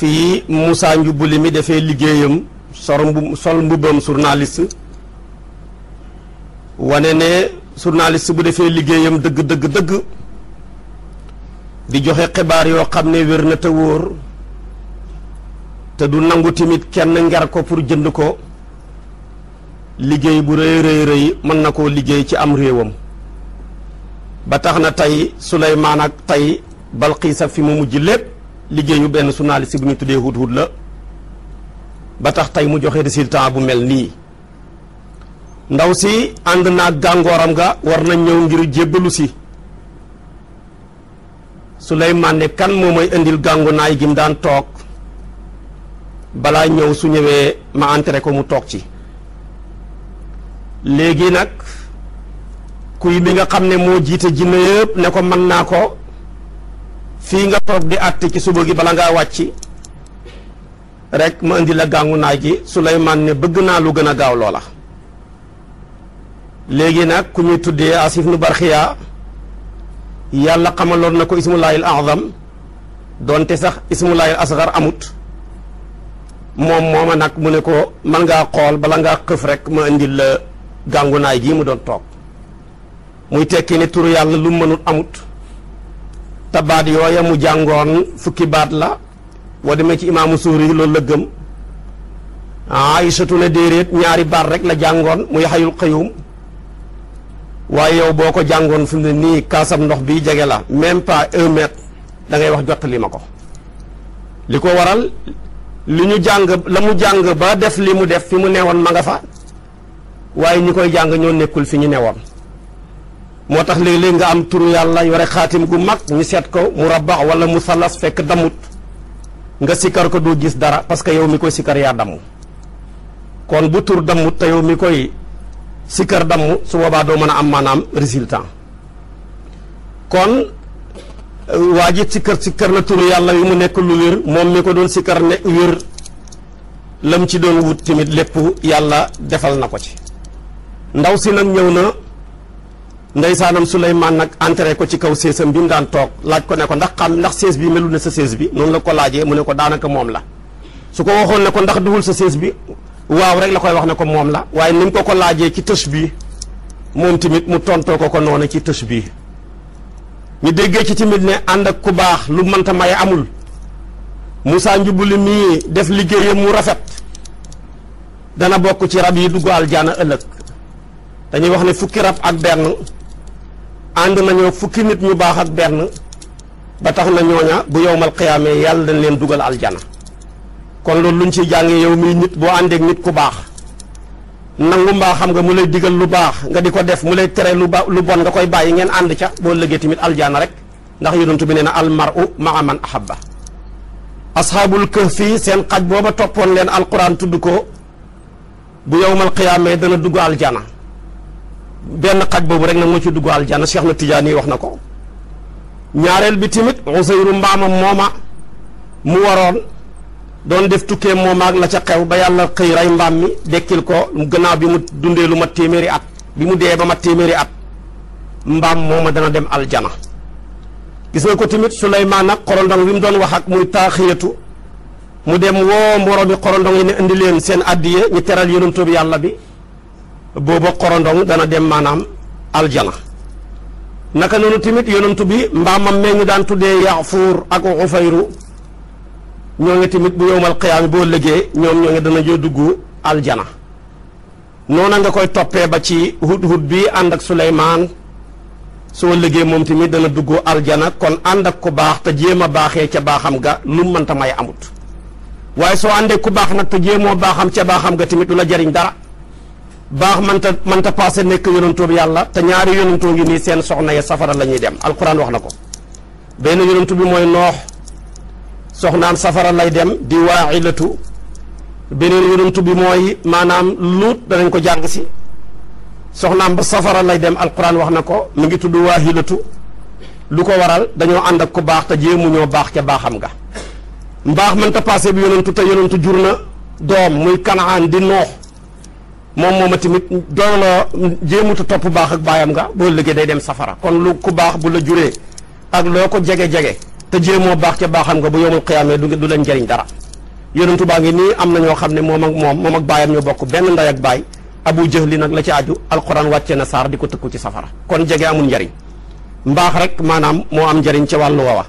fii Moussa Ndioubouli mi defee liggéeyam sol mbu sol mbubbam journaliste wane ne journaliste bu defee liggéeyam dëgg dëgg dëgg di joxe xibaar yoo xam ne wér na te te du nangu tamit kenn ngar ko pour jënd ko liggéey bu rëy rëy rëy mën na koo liggéey ci am réewam ba tax na tey Souleymane ak tey Balqiisa fi mu mujj lépp liggéeyu benn journaliste bu ñu tuddee Hud Hud la ba tax tey mu joxe résultat bu mel nii ndaw si ànd naa gàngooram ga war na ñëw ngir jébbalu si su Souleymane ne kan moo may indil gàngu naay gi mu daan toog balaa ñëw su ñëwee ma entré ko mu toog ci léegi nag kuy bi nga xam ne moo jiite jinne yëpp ne ko mën naa ko fii nga toog di àtte ci suba gi bala ngaa wàcc rek ma indi la gàngu gi Suleymaan ne bëgg naa lu gën a gaaw loola léegi nag ku ñuy tuddee asif nu barxiya yàlla xamaloon na ko ismulaayil azam doonte sax ismulaayil asgar amut moom mooma nag mu ne ko mën ngaa xool bala ngaa xëf rekk ma indil la gàngunaay gi gii mu doon toog muy tekki ne turu yàlla lu mënut amut te baat yooya mu jàngoon fukki baat la boo demee ci imaamu suuri loolu la gëm Aysatu ne déeréet ñaari baat rek la jàngoon muy xayul xëyum waaye yow boo ko jàngoon fi ne nii kaasam ndox bi jege la même pas un mètre da ngay wax jottali ma ko li ko waral li ñu jàng la mu jàng ba def li mu def fi mu neewoon ma nga fa waaye ñu koy jàng ñoo nekkul fi ñu newoon moo tax léegi léeg nga am turu yàlla yore xaatim gu mag ñu seet ko mu rabax wala mu salas fekk damut nga sikkar ko doo gis dara parce que yow mi koy sikkar yaa damm kon bu tur damut te yow mi koy sikkar damm su boobaa doo mën a am maanaam résultat kon euh, waa ji sikkar sikkar na turu yàlla wi mu nekk lu wér moom mi ko doon sikkar ne wér lam ci doon wut tamit lépp yàlla defal na ko ci ndaw si nag ñëw na ndeysaanam Souleymane nag entré ko ci kaw séesam bi mu daan toog laaj ko ne ko ndax xam ndax sées bi melul na sa sées bi noonu la ko laajee mu ne ko daanaka moom la su ko waxoon ne ko ndax duwul sa sées bi waaw rek la koy wax ne ko moom la waaye ni mu ko ko laajee ci tësh bi moom tamit mu tontoo ko ko noonu ci tësh bi ñu déggee ci tamit ne ànd ak ku baax lu mënta maye amul musaa Moussa Njubuli mii def liggéeyam mu rafet dana bokk ci rab yi dugg aljaana ëllëg dañuy wax ne fukki rab ak benn ànd nañoo fukki nit ñu baax ak benn ba tax na ñooña bu yowmal xiyaamee yàlla dañ leen dugal aljana kon loolu luñ ciy jàngee yow muy nit boo àndeek nit ku baax nangu mbaa xam nga mu lay digal lu baax nga di ko def mu lay tere lu ba lu bon nga koy bàyyi ngeen ànd ca boo lëggee tamit aljaana rek ndax yonent bi nee na ma maa man ahabba asxaabul fii seen xaj booba toppoon leen alquran tudd ko bu yowmal xiyaamee dana dugg aljana benn xaj boobu rek nag moo ci dugg aljanna Cheikh na Tidiane wax na ko ñaareel bi tamit Useyru mbaamam mooma mu waroon doon def tukkee mooma la ca xew ba yàlla xëy rey mbaam mi dekkil ko gannaaw bi mu dundee lu mat téeméeri at bi mu dee ba mat téeméeri at mbaam mooma dana dem aljana gis nga ko tamit Suleymaan ak xorondong bi mu doon wax ak muy taaxiyatu mu dem woo mboroomi xorondong yi ne indi leen seen addiye ñu teral yonent bi yàlla bi booba xorondong dana dem maanaam aljana naka noonu tamit yonantu bi mbaamam mee ngi daan tuddee yaafuur ak xufayru ñoo ngi tamit bu yowmal qiyaama boo liggéey ñoom ñoo ngi dana joo dugg aljana noona nga koy toppee ba ci hudhud bi ànd ak suleymaan soo liggéey moom tamit dana dugg aljana kon ànd ak ku baax te jéem a baaxee ca baaxam ga lu mënta may amut waaye soo àndee ku baax nag te jéemoo baaxam ca baaxam ga tamit du la jariñ dara baax mënta mënta passé nekk yonantoob yàlla te ñaari yonantoo ngi nii seen soxna ya safara la ñuy dem alquran wax na ko benn yonantu bi mooy noox soxnaam safara lay dem di waaxilatu beneen yonantu bi mooy maanaam luut danañ ko jàng si soxnaam ba safara lay dem alquran wax na ko mu ngi tudd waahilatu lu ko waral dañoo ànd ak ku baax te jéemu ñoo baax ca baaxam nga mbaax mënta passé bi yonantu te yonantu jur na doom muy kanaan di noox moom moom mooma tamit dooloo jéemuta topp baax ak baayam nga boo liggéey day dem safara kon lu ku baax bu la juree ak loo ko jege-jege te jéemoo baax ca baaxam nga bu yomul xiyaamee du leen jariñ dara yonentu baa ngi nii am na ñoo xam ne moom ak moom moom ak baayam ñu bokk benn nday ak baay abu jëhli nag la ci aju alquran wàcce na saar di ko tëkku ci safara kon jege amul njariñ mbaax rek maanaam moo am njëriñ ca wàllu wa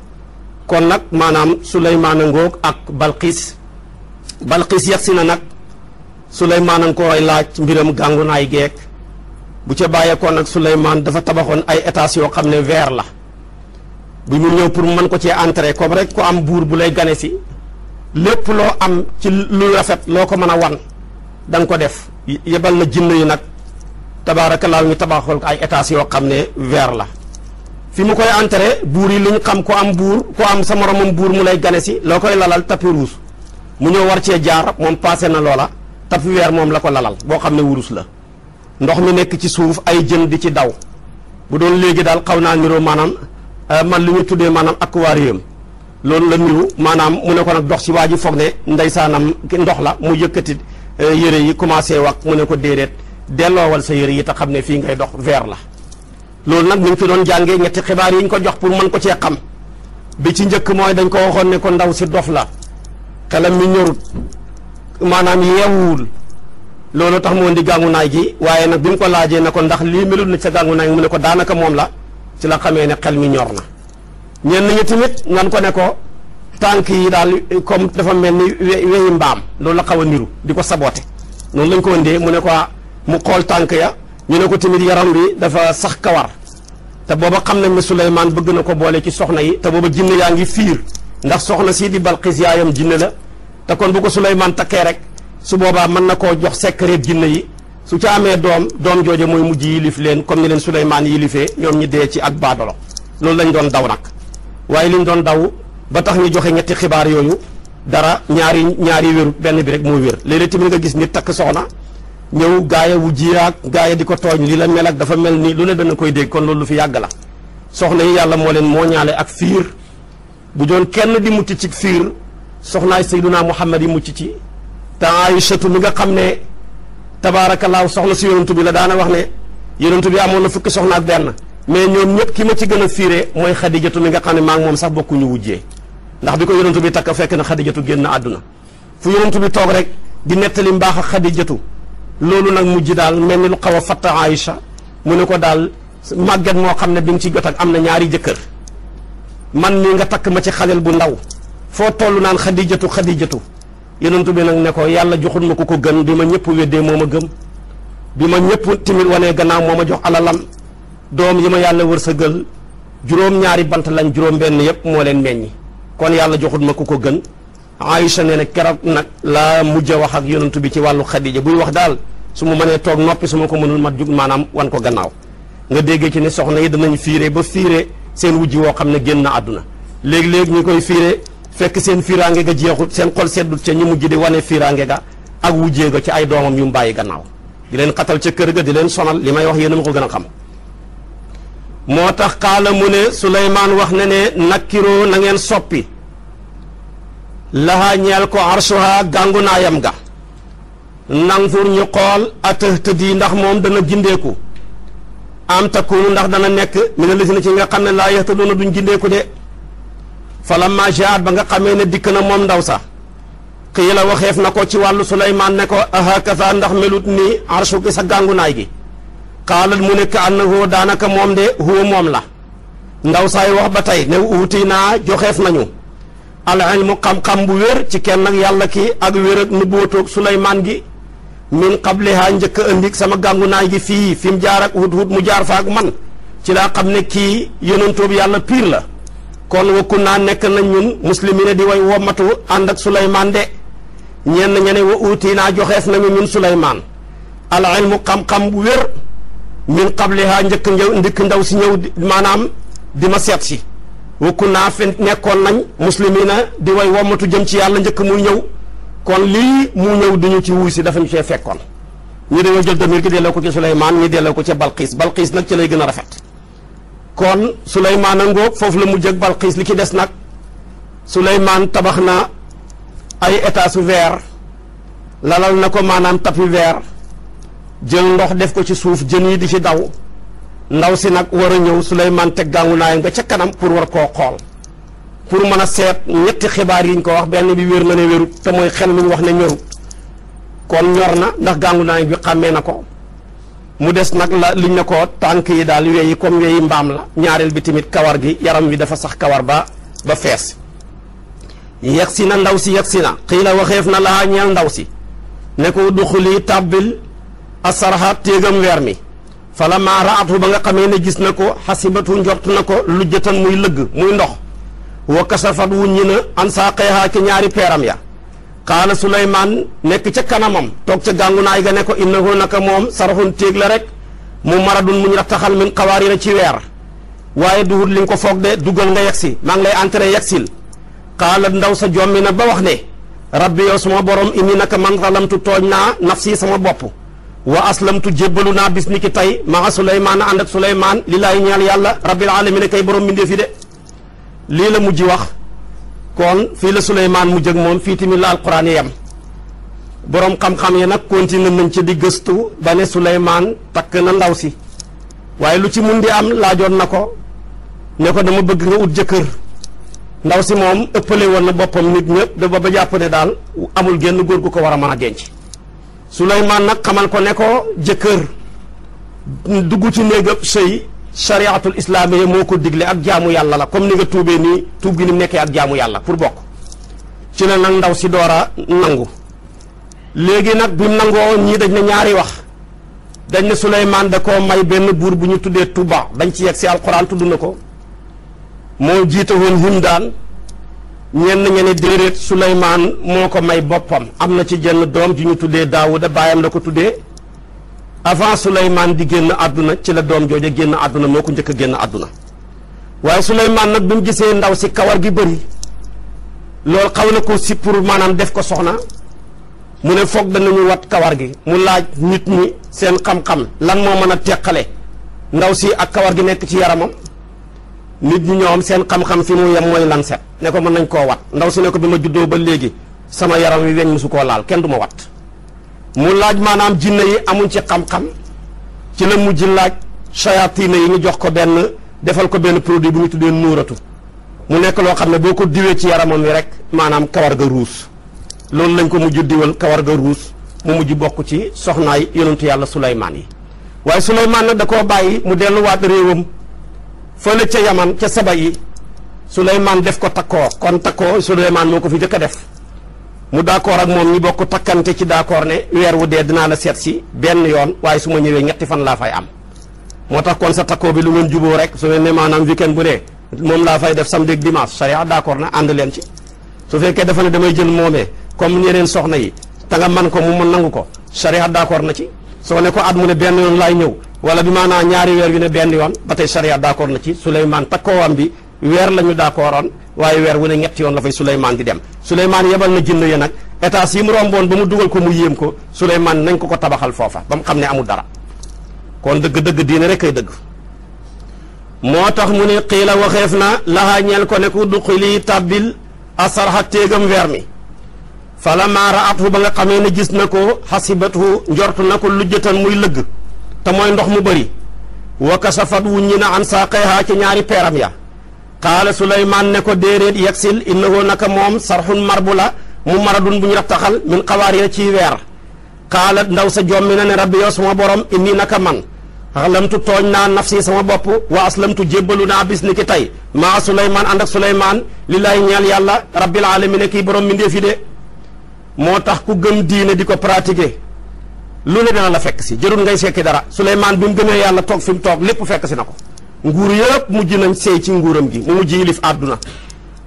kon nag maanaam suleymaana ngoog ak balqiis balqiis yegsi na nag Souleymane a koy laaj mbiram gàngu naay geek bu ca bàyyeekoon ak Souleymane dafa tabaxoon ay étages yoo xam ne verre la bu mu ñëw pour mën ko cee entrer comme rek ko am buur bu lay gane si lépp loo am ci lu rafet loo ko mën a wan da nga ko def yebal na jinn yi nag tabaarakallaa ñu tabaxoon ay étages yoo xam ne verre la fi mu koy entre buur yi li xam ko am buur ku am sa moromam buur mu lay gane si loo koy lalal tapis rouge mu ñëw war cee jaar moom passé na loola tapu weer moom la ko lalal boo xam ne wurus la ndox mi nekk ci suuf ay jën di ci daw bu doon léegi daal xaw naa niroo maanaam euh, man li ñu tuddee maanaam aquarium loolu la niru maanaam mu ne ko nag dox si waa ji foog ne ndeysaanam ndox la mu yëkkati euh, yére yi commencé wax mu ne ko déedéet wal sa yére yi te xam ne fii ngay dox weer la loolu nag ñu ngi fi doon jàngee ñetti xibaar yi ñu ko jox pour mën ko cee xam bi ci njëkk mooy dañ ko waxoon ne ko si dof la xelam mi ñorut maanaam yeewuwul loolu tax mu indi gàngu naay gi waaye nag bi ko laajee ne ko ndax lii melul na sa gàngu mu ne ko daanaka moom la ci la xamee ne xel mi ñor na ñenn ñi tamit nan ko ne ko tànk yi daal comme dafa mel ni weyi mbaam loolu la xaw a niru di ko saboté noonu lañ ko indee mu ne ko mu xool tànk ya ñu ne ko tamit yaram wi dafa sax kawar te booba xam nañ ne Souleymane bëgg na ko boole ci soxna yi te booba jinne yaa ngi fiir ndax soxna sii di Balqis yaayam jinne la te kon bu ko Souleymane takkee rek su boobaa mën na koo jox secret jinne yi su ca amee doom doom jooje mooy mujj yi yilif leen comme ni leen Souleymane yilifee ñoom ñi dee ci ak baadolo loolu lañ doon daw nag waaye liñ doon daw ba tax ñu joxe ñetti xibaar yooyu dara ñaari ñaari wéru benn bi rek moo wér léeg-léeg nga gis nit takk soxna ñëw gaaya wu jiyaag gaaya di ko tooñ li la mel ak dafa mel nii lu ne dana koy dégg kon loolu lu fi yàgg la soxna yi yàlla moo leen moo ñaale ak fiir bu doon kenn di mucc ci soxnaay sayduna muhammad yi mucc ci te aïchatu mi nga xam ne tabaarakallaahu soxna si yonantu bi la daana wax ne yonantu bi amoon na fukki soxna ak benn mais ñoom ñëpp ki ma ci gën a fiire mooy xadijatu mi nga xam ne maa moom sax bokkuñu wujjee ndax bi ko yonantu bi takk fekk na xadijatu génn àdduna fu yonantu bi toog rek di nettali mbaax a xadijatu loolu nag mujj daal mel ni lu xaw a fatta aïcha mu ne ko daal màgget moo xam ne bi mu ci jot ak am na ñaari jëkkër man ni nga takk ma ci xalel bu ndaw foo toll naan xadijatu xadijatu yonentu bi nag ne ko yàlla joxul ma ko ko gën bi ma ñëpp weddee moo ma gëm bi ma ñëpp timit wanee gannaaw moo ma jox alalam doom yi ma yàlla sa wërsëgal juróom-ñaari bant lañ juróom-benn yëpp moo leen meññi kon yàlla joxul ma ku ko gën Aïcha nee na keroog nag laa mujj a wax ak yonent bi ci wàllu Xadija buy wax daal su ma mënee toog noppi su ma ko mënul mat jug maanaam wan ko gannaaw nga déggee ci ne soxna yi danañ fiire ba fiire seen wujj woo xam ne génn na àdduna fekk seen firange ga jeexut seen xol seddut ca ñu mujj di wane firange ga ak wujjee ga ci ay doomam yu mu bàyyi gannaaw di leen xatal ca kër ga di leen sonal li may wax yéen a ma ko gën a xam moo tax xaala mu ne Suleymaan wax na ne nakkiroo na ngeen soppi lahaa ko arsuha gàngu naayam ga nanfur ñu xool atëx tëddi ndax moom dana gindeeku am takkuunu ndax dana nekk mi ne lisi na ci nga xam ne laa yaxtaduuna duñ gindeeku de falamma jaat ba nga xamee ne dikk na moom ndaw sax xii la waxeef na ko ci wàllu Suleymaan ne ko ahakasa ndax melut ni arsu gi sa gàngunaay gi xaalat mu ne ka annahu daanaka moom de huwa moom la ndaw saay wax ba tey ne uuti naa joxeef nañu al ilmu xam-xam bu wér ci kenn ak yàlla ki ak wér ak nubuwatoog Suleymaan gi min qabliha njëkk a indi sama gàngunaay gi fii fi mu jaar ak hut hut mu jaar faak man ci laa xam ne kii yonentoob yàlla piir la kon wakku naa nekk nañ ñun muslimina di way wommatu ànd ak suleymaan de ñenn ñene wa uutii naa joxees nañu ñun suleymaan al ilmu xam-xam bu wér min qabliha njëkk njëw ndikk ndaw si ñëw maanaam di ma seet si wakku naa fi nekkoon nañ muslimina di way wommatu jëm ci yàlla njëkk muy ñëw kon lii mu ñëw di ñu ci wuy si dafa ñu cee fekkoon ñu dañoo jël damir gi delloo ko ci suleymaan ñu delloo ko ca balqiis balqiis nag ci lay gën a rafet kon Souleymane a ngoog foofu la mu ak Balxiis li ci des nag Souleymane tabax na ay étage vert lalal na ko maanaam tapis vert jël ndox def ko ci suuf jën yi di ci daw ndaw si nag war a ñëw Souleymane teg gàngu naayam ba ca kanam pour war koo xool pour mën a seet ñetti xibaar yi ko wax benn bi wér na ne wérut te mooy xel lu wax ne ñorut kon ñor na ndax gàngu naay bi xàmmee na ko mu des nag la liñ ne ko tànk yi daal weyi comme weyi mbaam la ñaareel bi tamit kawar gi yaram wi dafa sax kawar ba ba fees yegg si na ndaw si yegg si na xii la waxeef na laa ñeel ndaw si ne ko duxuli tàbbil asarha téegam weer mi fala maa ba nga xamee ne gis na ko xasibatu njort na ko lujjatan muy lëgg muy ndox wa kasafat wuññi na an saa ñaari peeram ya qaala Souleymane nekk ca kanamam toog ca gàngunaay ga ne ko innahu naka moom sarafun téeg la rek mu maradun muñ rattaxal min xawaarira ci weer waaye duhut li nga ko foog de dugal nga yegsi maa ngi lay entré yegsil qaala ndaw sa jommi na ba wax ne rabbi yow sama borom indi naka man zalamtu tooñ naa nafsi sama bopp wa aslamtu jébbalu naa bis ni ki tey maa Souleymane ànd ak Souleymane li laay ñaal yàlla rabbil alamin kay borom mbindee fi de lii la mujj wax kon fii la Suleymaan mu jëg moom fii tamit la alquran yam boroom xam-xam yi nag continué nañ ci di gëstu ba ne Suleymaan takk na ndaw si waaye lu ci mun di am laajoon na ko ne ko dama bëgg nga ut jëkkër ndaw si moom ëppale woon na boppam nit ñëpp da ba ba jàpp ne daal amul génn góor gu ko war a mën a denc Suleymaan nag xamal ko ne ko jëkkër dugg ci néegam sëy chariatul islaamiya moo ko digle ak jaamu yàlla la comme ni nga tuubee nii tuub gi ni mu nekkee ak jaamu yàlla pour bokk ci la nag ndaw si doora nangu léegi nag bi mu nangoo ñii dañ ne ñaari wax dañ ne Suleymaan da koo may benn buur bu ñu tuddee Tuba dañ ci yegg si alxuraan tudd na ko moo jiite woon Himdaan ñenn ñeneen déedéet Suleymaan moo ko may boppam am na ci jenn doom ju ñu tuddee Daawuda baayam la ko tuddee avant Souleymane di génn àdduna ci la doom jooja génn àdduna moo ko njëkk a génn àdduna waaye Souleymane nag bi mu gisee ndaw si kawar gi bëri loolu xaw na ko si pour maanaam def ko soxna mu ne foog danañu wat kawar gi mu laaj nit ñi seen xam-xam lan moo mën a teqale ndaw si ak kawar gi nekk ci yaramam nit ñi ñoom seen xam-xam fi mu yem mooy lan set ne ko mën nañ koo wat ndaw si ne ko bi ma juddoo ba léegi sama yaram wi weñ musu ko laal kenn du ma wat mu laaj maanaam jinne yi amuñ ci xam-xam ci la mujj laaj sayaatina yi ñu jox ko benn defal ko benn produit bu ñu tuddee nuuratu mu nekk loo xam ne boo ko diwee ci yaramam wi rek maanaam kawar ga ruus loolu lañ ko mujj diwal kawar ga ruus mu mujj bokk ci soxnaay yonentu yàlla Suleymaan yi waaye Suleymaan nag da koo bàyyi mu delluwaat réewam fële ca yaman ca saba yi Suleymaan def ko takkoo kon takkoo Suleymaan moo ko fi jëkk a def mu d'accord ak moom ñu bokk takkante ci d'accord ne weer wu dee dinaa la seet si benn yoon waaye su ma ñëwee ñetti fan laa fay am moo tax kon sa takkoo bi lu ngeen juboo rek su mel ne maanaam kenn bu ne moom laa fay def samedi ak dimanche charia d'accord na ànd leen ci su fekkee dafa ne damay jël moomee comme ñeneen soxna yi te nga man ko mu mën nangu ko charia d'accord na ci soo ne ko at mu ne benn yoon laay ñëw wala bi maanaam ñaari weer yu ne benn yoon ba tey charia d'accord na ci Souleymane takkoowam bi weer la ñu d'accordoon waaye weer wu ne ñetti yoon la fay Souleymane di dem Souleymane yebal na jinne ya nag étage yi mu romboon ba mu dugal ko mu yéem ko Souleymane nañ ko ko tabaxal foofa ba mu xam ne amul dara kon dëgg-dëgg diine rekk ay dëgg moo tax mu ne xiila waxeef na laxaa ko ne ku duqili tabbil asarxa téegam weer mi falammaa ra'athu ba nga xamee ne gis na ko xasibathu njort na ko lujjatan muy lëgg te mooy ndox mu bëri wa kasafat wu ñi na an ya qaala suleymaan ne ko déedéet yegsil innahu naka moom sarxun marbu la mu maradun bu ñu raftaxal min xawaarira ciy weer xaalat ndaw sa jommi na ne rabbi yow sama borom inni naka man xalamtu tooñ naa nafsi sama bopp wa aslamtu jébbalu naa bis ni ki tey maa suleymaan ànd ak suleymaan lillaay ñeel yàlla rabbil alamin kii borom mi fi de moo tax ku gëm diine di ko pratiquer lu ne dana la fekk si jërul ngay sekki dara suleymaan bi mu gëmee yàlla toog mu toog lépp fekk si na ko nguur yëpp mujj nañ seey ci nguuram gi mu mujj yilif àdduna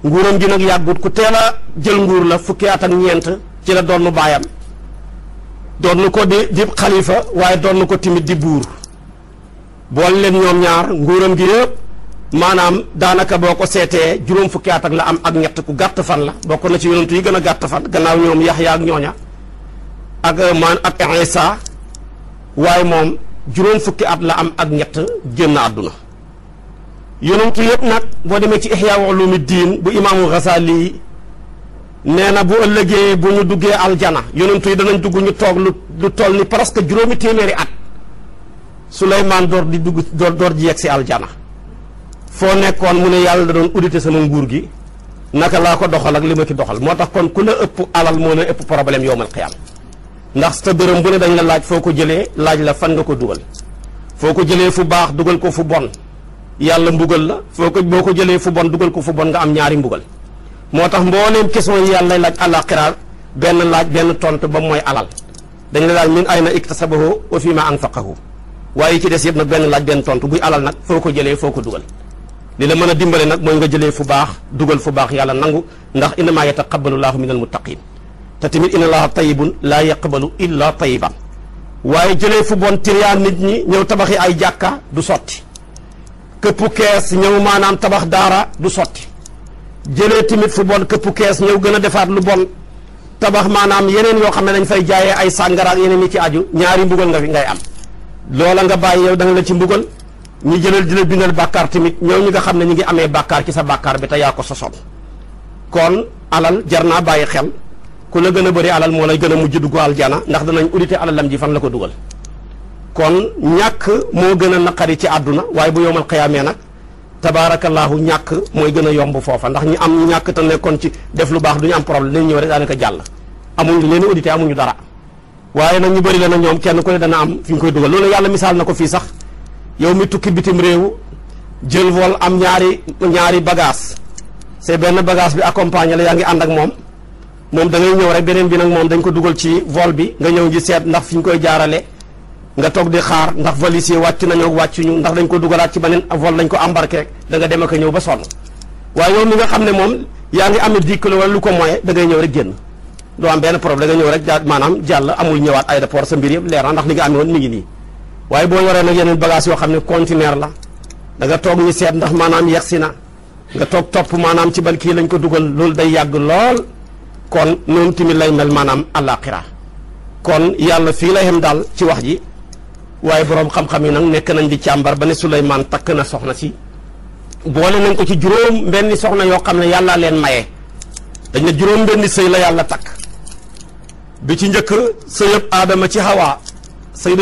nguuram gi nag yàggut ku teel a jël nguur la fukki at ak ñeent ci la doon baayam doon ko di di xalifa waaye doon ko timit di buur bool leen ñoom ñaar nguuram gi yëpp maanaam daanaka boo ko seetee juróom fukki at ak la am ak ñett ku gàtt fan la bokk na ci yonent yi gën a gàtt fan gannaaw ñoom Yaxya ak ñooña ak euh, man ak Isa waaye moom juróom fukki at la am ak ñett génn àdduna yonent yëpp nag boo demee ci Ihya ulumi diin bu imaamu Ghazali nee na bu ëllëgee bu ñu duggee aljana yonent yi danañ dugg ñu toog lu lu toll ni presque juróomi téeméeri at Souleymane door di dugg door door di si aljana foo nekkoon mu ne yàlla da doon audité sama nguur gi naka laa ko doxal ak li ma doxal moo tax kon ku la ëpp alal moo la ëpp problème yowmal qiyaam ndax sa dërëm bu ne dañ la laaj foo ko jëlee laaj la fan nga ko dugal foo ko jëlee fu baax dugal ko fu bon yàlla mbugal la foo ko boo ko jëlee fu bon dugal ko fu bon nga am ñaari mbugal moo tax mbooleem question yi yàlla laaj àllaaxira benn laaj benn tontu ba mooy alal dañ la daal min ayna iktasabahu wa fi ma anfaqahu waaye ci des yëpp nag benn laaj benn tontu buy alal nag foo ko jëlee foo ko dugal li la mën a dimbale nag mooy nga jëlee fu baax dugal fu baax yàlla nangu ndax innamaa yataqabbalu llaahu minal muttaqiin te tamit inna llaaha tayyibun laa yaqbalu illaa tayyiban waaye jëlee fu bon tiriyaan nit ñi ñëw tabaxi ay jàkka du sotti këppu kees ñëw maanaam tabax daara du sotti jëlee tamit fu bon këppu kees ñëw gën a defaat lu bon tabax maanaam yeneen yoo xam ne dañ fay jaaye ay sàngara ak yeneen yi ci aju ñaari mbugal nga fi ngay am loola nga bàyyi yow da nga la ci mbugal ñu jëlal di la bindal bàkkaar tamit ñoo ñi nga xam ne ñu ngi amee bàkkaar ci sa bàkkaar bi te yaa ko sosoon kon alal jar naa bàyyi xel ku la gën a bëri alal moo lay gën a mujj dugg aljana ndax danañ audité alalam ji fan la ko dugal kon ñàkk moo gën a naqari ci àdduna waaye bu yowmal xiyaamee nag tabaarakallaahu ñàkk mooy gën a yomb foofa ndax ñi am ñàkk ta nekkoon ci def lu baax du ñu am problème leen ñëw rek daanaka jàll amuñ leen audité amuñu dara waaye nag ñu bëri la na ñoom kenn ku dana am fi ñu koy dugal loolu yàlla misaal na ko fii sax yow mi tukki bitim réew jël vol am ñaari ñaari bagage c'est benn bagage bi accompagné la yaa ngi ànd ak moom moom da ngay ñëw rek beneen bi nag moom dañ ko dugal ci vol bi nga ñëw ngi seet ndax fi ñu koy jaarale nga toog di xaar ndax valise yi wàcc nañoo wàccuñu ndax dañ ko dugalaat ci beneen vol lañ ko embarqué da nga dem ak ñëw ba sonn waaye yow mi nga xam ne moom yaa ngi amee dix kilo wala lu ko moyen dangay ñëw rek génn doo am benn problème da nga ñëw rek ja maanaam jàll amul ñëwaat aéroport sa mbir yëpp leer na ndax li nga amee woon mi ngi nii waaye boo yoree nag yeneen bagage yoo xam ne conteneur la danga toog ñu seet ndax maanaam yegsi na nga toog topp maanaam ci ban kii lañ ko dugal loolu day yàgg lool kon noonu tamit lay mel maanaam àllaaxira kon yàlla fii lay xem daal ci wax ji waaye boroom xam-xam yi nag nekk nañ di càmbar ba ne Souleymane takk na soxna si boole nañ ko ci juróom benni soxna yoo xam ne yàllaa leen maye dañ ne juróom benni sëy la yàlla takk bi ci njëkk sëyëb aadama ci xawaa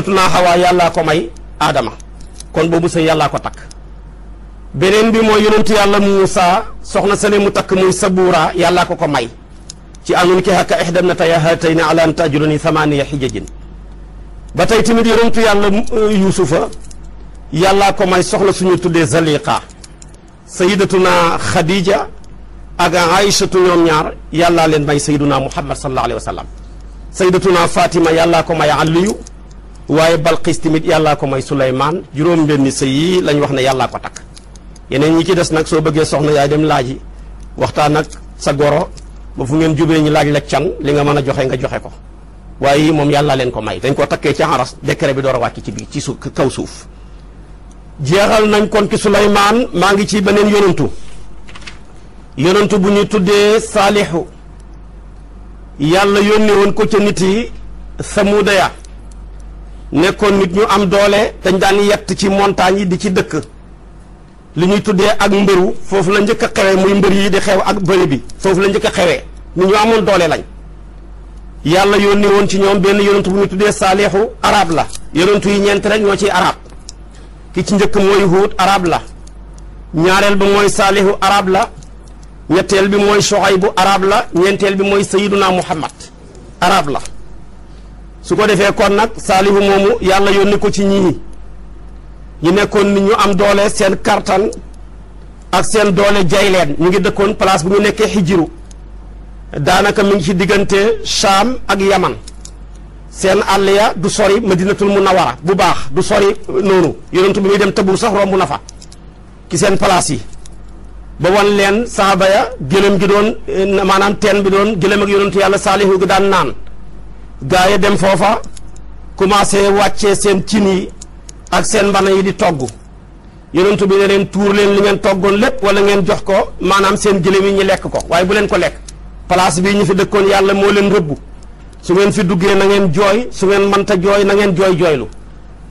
naa xawaa yàllaa ko may aadama kon boobu sëy yàllaa ko takk beneen bi mooy yonentu yàlla Muusa soxna sale mu takk muy sabuura yàllaa ko ko may ci anun ki hakka ihda ibnataya haatayni ala an taajurani thamaaniya xijajin ba tey tamit yonentu yàlla euh, yuusufa yàllaa ko may soxla suñu tuddee zaliqa sayidatuna khadija ak aïchatu ñoom ñaar yàllaa leen may sayiduna muhammad sallallahu alayhi wa sallam sayidatuna fatima yàllaa ko may aliyu waaye balqis tamit yàllaa ko may suleymaan juróom ni sëy yi lañ wax ne yàllaa ko takk yeneen ñi ci des nag soo bëggee soxna yaay dem yi waxtaan ak sa goro ba fu ngeen jubee ñi laaj la can li nga mën a joxe nga joxe ko waaye yi moom yàlla leen ko may dañ koo takkee ci aras décret bi door a wàcc ci biir ci su kaw suuf jeexal nañ kon ki Suleymaan maa ngi ci beneen yonantu yonantu bu ñu tuddee saalihu yàlla yónni woon ko ca nit yi samuuda ya nekkoon nit ñu am doole dañ daan yett ci montagne yi di ci dëkk li ñuy tuddee ak mbëru foofu la njëkk a xewee muy mbër yi di xew ak bëri bi foofu la njëkk a xewee nit ñu amoon doole lañ yàlla yónni woon ci ñoom benn yonantu bu ñu tuddee saalihu arab la yonantu yi ñeent rek ñoo ci arab ki ci njëkk mooy huut arab la ñaareel bi mooy saalihu arab la ñetteel bi mooy shuaybu arab la ñeenteel bi mooy sayiduna muhammad arab la su ko defee kon nag saalihu moomu yàlla yónni ko ci ñii ñu nekkoon nit ñu am doole seen kartan ak seen doole jay ñu ngi dëkkoon place bu ñu nekkee xijiru daanaka mi ngi ci diggante Shaam ak Yaman seen àll ya du sori madinatul munawara bu baax du sori noonu yonentu bi muy dem Tabuk sax romb na fa ci seen place yi ba wan leen saaba ya gëlëm gi doon eh, maanaam teen bi doon gëlëm ak yonentu yàlla saalihu gi daan naan gaa ya dem foofa commencé wàccee seen cin yi ak seen mbana yi di togg yonentu bi ne leen tuur leen li ngeen toggoon lépp wala ngeen jox ko maanaam seen gëlëm yi ñu lekk ko waaye bu leen ko lekk place bii ñu fi dëkkoon yàlla moo leen rëbb su ngeen fi duggee na ngeen jooy su ngeen mënta jooy na ngeen jooy jooylu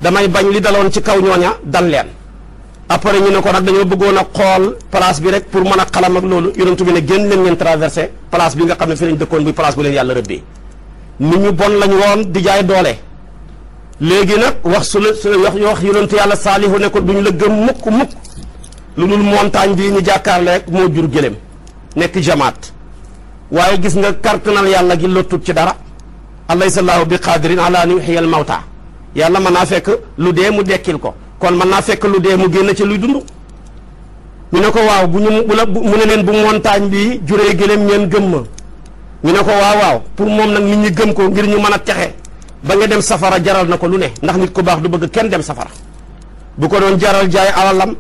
damay bañ li daloon ci kaw ñooña dal leen après ñu ne ko nag dañoo bëggoon a xool place bi rek pour mën a xalam ak loolu yonentu bi ne génn leen ngeen traversé place bi nga xam ne fi lañ dëkkoon buy place bu leen yàlla rëbbee nit ñu bon lañ woon di jaay doole léegi nag wax su la su wax wax yonentu yàlla saalihu ne ko duñu la gëm mukk mukk lu dul montagne bii ñu jàkkaarloo moo jur gëléem nekk jamaat waaye gis nga kartanal yàlla gi lottut ci dara alaysa llaahu bi qaadirin ala an yuhyiya al mawta yàlla mën naa fekk lu dee mu dekkil ko kon mën naa fekk lu dee mu génn ci luy dund ñu ne ko waaw bu ñu mu ne leen bu montagne bi juree gëléem ñeen gëm ñu ne ko waaw waaw pour moom nag nit ñi gëm ko ngir ñu mën a texe ba nga dem safara jaral na ko lu ne ndax nit ku baax du bëgg kenn dem safara bu ko doon jaral jaay alalam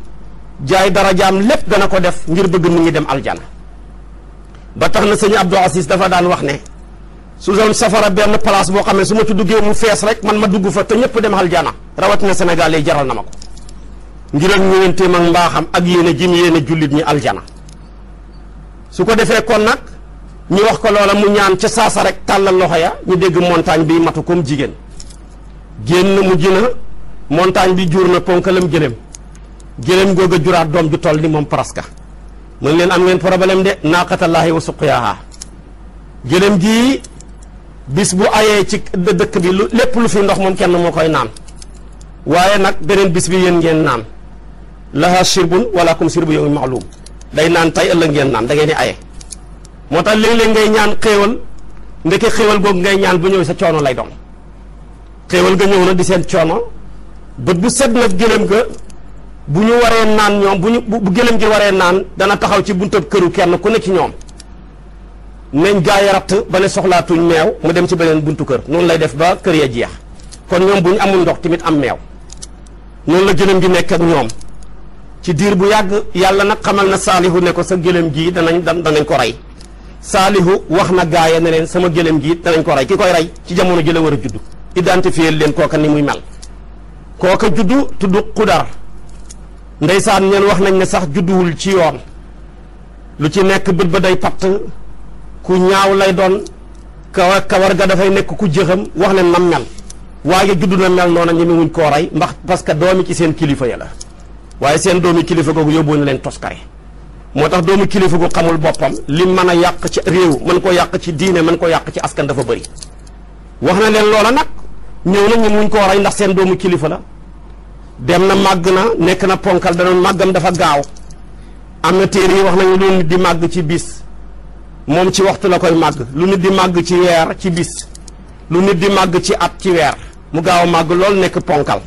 jaay darajaam lépp dana ko def ngir bëgg nit ñi dem aljana ba tax na sëñ Abdou Aziz dafa daan wax ne su doon safara benn place boo xam ne su ma ci duggee mu fees rek man ma dugg fa te ñëpp dem aljana rawatina Sénégal yi jaral na ma ko ngir ak ñëwenteem ak mbaaxam ak yéen a jëm yéen a jullit ñi aljana su ko defee kon nag ñu wax ko loola mu ñaan ca saasa rek tàllal loxo ya ñu dégg montagne bi matu comme jigéen génn mu jina montagne bi jur na ponkalam gëlëm gëlëm googa juraat doom ju toll ni moom presque mën leen am ngeen problème de naaqatallaahi wa suqyaaha gëlëm gi bis bu ayee ci dëkk bi lu lépp lu fi ndox moom kenn moo koy naan waaye nag beneen bis bi yéen ngeen naan laha shirbun walakum shirbu yawmin ma'lum day naan tay ëllëg ngeen naan da ngeen di aye moo tax léeg-léeg ngay ñaan xéewal ndeke xéewal googu ngay ñaan bu ñëw sa coono lay doon xéewal ga ñëw na di seen coono bët bu set nag gëlëm ga bu ñu waree naan ñoom bu ñu bu gëlëm gi waree naan dana taxaw ci buntab këru kenn ku ne ci ñoom nañ gaa yi ratt ba ne soxlaatuñ meew mu dem ci beneen buntu kër noonu lay def ba kër ya jeex kon ñoom bu ñu amul ndox tamit am meew noonu la gëlëm gi nekk ak ñoom ci diir bu yàgg yàlla nag xamal na saalihu ne ko sa gëléem gii danañ danañ ko rey saalihu wax na gaa ya ne leen sama gëlëm gi danañ ko rey ki koy rey ci jamono ji la war a judd identifier leen kooka ni muy mel kooka juddu tudd xudar ndeysaan ñeen wax nañ ne sax judduwul ci yoon lu ci nekk bët ba day patt ku ñaaw lay doon kawa kawar ga dafay nekk ku jëxam wax leen nam mel waaye judd na mel noona ñi wuñ koo rey ndax parce que doomi ci seen kilifa ya la waaye seen doomi kilifa googu yóbbu na leen toskare moo tax kilifa gu xamul boppam li mën yàq ci réew ko yàq ci diine mën ko yàq ci askan dafa bëri wax na leen loola nag ñëw na ñi muñ koo rey ndax seen doomu kilifa la dem na màgg na nekk na ponkal danoon màggam dafa gaaw am na téer yi wax nañu lu nit di màgg ci bis moom ci waxtu la koy màgg lu nit di màgg ci weer ci bis lu nit di màgg ci at ci weer mu gaaw a màgg lool nekk ponkal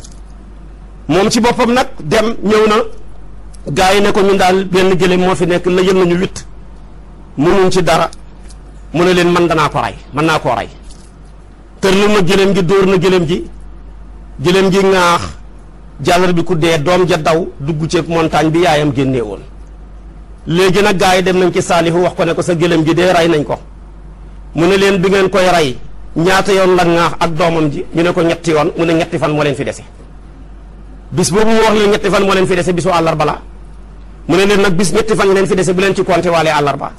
moom ci boppam nag dem ñëw na gaa yi ne ko ñun daal benn gëléem moo fi nekk la yël nañu witt mënuñ ci dara mu ne leen man danaa ko rey mën naa ko rey tër lu ma gëléem dóor na gëléem gi gëléem gi ŋaax jàllar bi ku dee doom ja daw dugg ci montagne bi yaayam génnee woon léegi nag gars yi dem nañ ci saalihu wax ko ne ko sa gëlëm gi dee rey nañ ko mu ne leen bi ngeen koy rey ñaata yoon la ŋaax ak doomam ji ñu ne ko ñetti yoon mu ne ñetti fan moo leen fi dese bis boobu mu wax leen ñetti fan moo leen fi dese bi àllarba la mu ne leen nag bis ñetti fan leen fi dese bu leen ci compter waale àllarba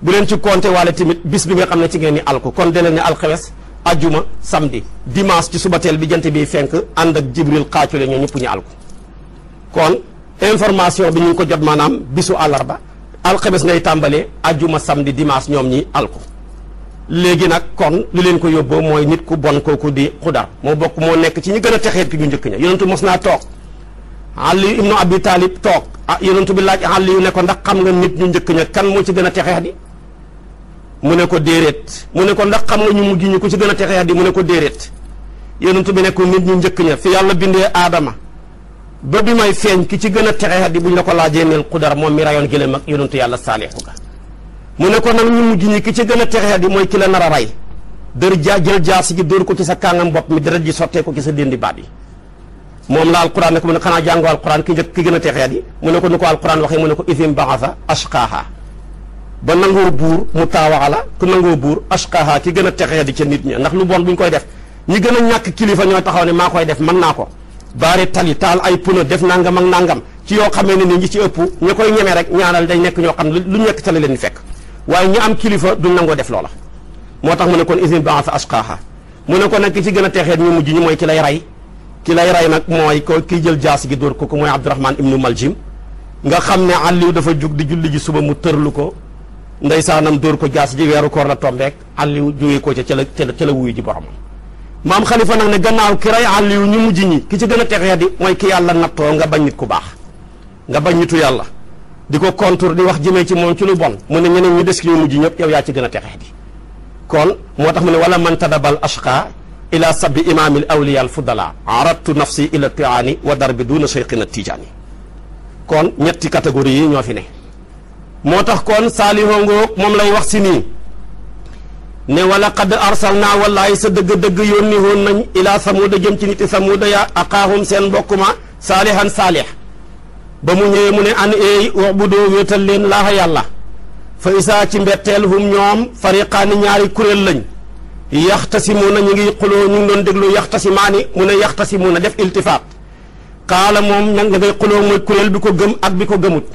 bu leen ci compter waale tamit bis bi nga xam ne ci ngeen ni alku kon de leen ajuma samdi dimanche ci suba teel bi jant bi fenk ànd ak jibril xaacule ñoo ñëpp ñu alku kon information bi ñu ko jot maanaam bisu àllarba alxames ngay tàmbalee ajuma samedi dimanche ñoom ñi alku léegi nag kon li leen ko yóbboo mooy nit ku bon kooku di xudar moo bokk moo nekk ci ñu gën a texeet ki ñu njëkk ña yonentu mos naa toog Ali ibnu Abi Talib toog ah yonentu bi laaj Ali yu ne ko ndax xam nga nit ñu njëkk ña kan moo ci gën a texeet di mu ne ko déeréet mu ne ko ndax xam nga ñu mujj ñu ku ci gën a texee di mu ne ko déeréet yonent bi ne ko nit ñu njëkk ña fi yàlla bindee aadama ba bi may feeñ ki ci gën a texee di buñ ko laajee neel xudar moom mi rayoon gëléem ak yonentu yàlla saalihu mu ne ko nag ñu mujj ñi ki ci gën a texee di mooy ki la nar a rey dër jaa jël jaas gi dóor ko ci sa kàngam bopp mi deret ji sottee ko ci sa déndi baat yi moom la alquran ne ko mu ne xanaa jàngoo alquran ki njëkk ki gën a texee di mu ne ko nu ko alquran waxee mu ne ko isim baxasa ashqaaha ba nangoo buur mu taawa la ku nangoo buur ashqaha ki gën a texee di ca nit ña ndax lu bon bu ñu koy def ñi gën a ñàkk kilifa ñoo taxaw ne maa koy def man naa ko baare tali taal ay puna def nangam ak nangam ci yoo xamee ne ni ñi ci ëpp ñi koy ñeme rek ñaanal day nekk ñoo xam ne lu nekk ca la leen fekk waaye ñi am kilifa duñ nangoo def loola moo tax mu ne kon isin baasa ashqaha mu ne ko nag ki ci gën a texee ñu mujj ñi mooy ki lay rey ki lay rey nag mooy ko kiy jël jaas gi dóor ko ko mooy Abdurahman ibnu Maljim nga xam ne Aliou dafa jug di julli ji suba mu tërlu ko ndeysaanam dóor ko jaas ji weeru koor la tombeek Aliou jógee ko ca ca la ca la wuyu ji boromam maam xalifa nag ne gannaaw ki rey Aliou ñu mujj ñi ki ci gën a texee di mooy ki yàlla nattoo nga bañ nit ku baax nga bañ nitu yàlla di ko contour di wax jëme ci moom ci lu bon mu ne ñeneen ñu des ki ñu mujj ñëpp yow yaa ci gën a texee di kon moo tax mu ne wala man tadabal ashqa ila sabi imaamil awliya al fudala aradtu nafsi ila tiaani wa darbi duna cheikhina tijaani kon ñetti catégorie yi ñoo fi ne moo tax kon saalihoo ngoog moom lay wax si nii ne wala qad arsalnaa wallaay sa dëgg-dëgg yónni woon nañ ilaa samuuda jëm ci niti samuuda ya aqaahum seen mbokk ma saalihan saalih ba mu ñëwee mu ne an eey wax bu doo wéetal leen laaxa yàlla fa isaa ci mbetteel hum ñoom fariqaani ñaari kuréel lañ yaxtasimuuna ñu ngi xuloo ñu ngi doon déglu yaxtasimaani mu ne yaxtasimuuna def iltifaat xaala moom nag da ngay xuloo mooy kuréel bi ko gëm ak bi ko gëmut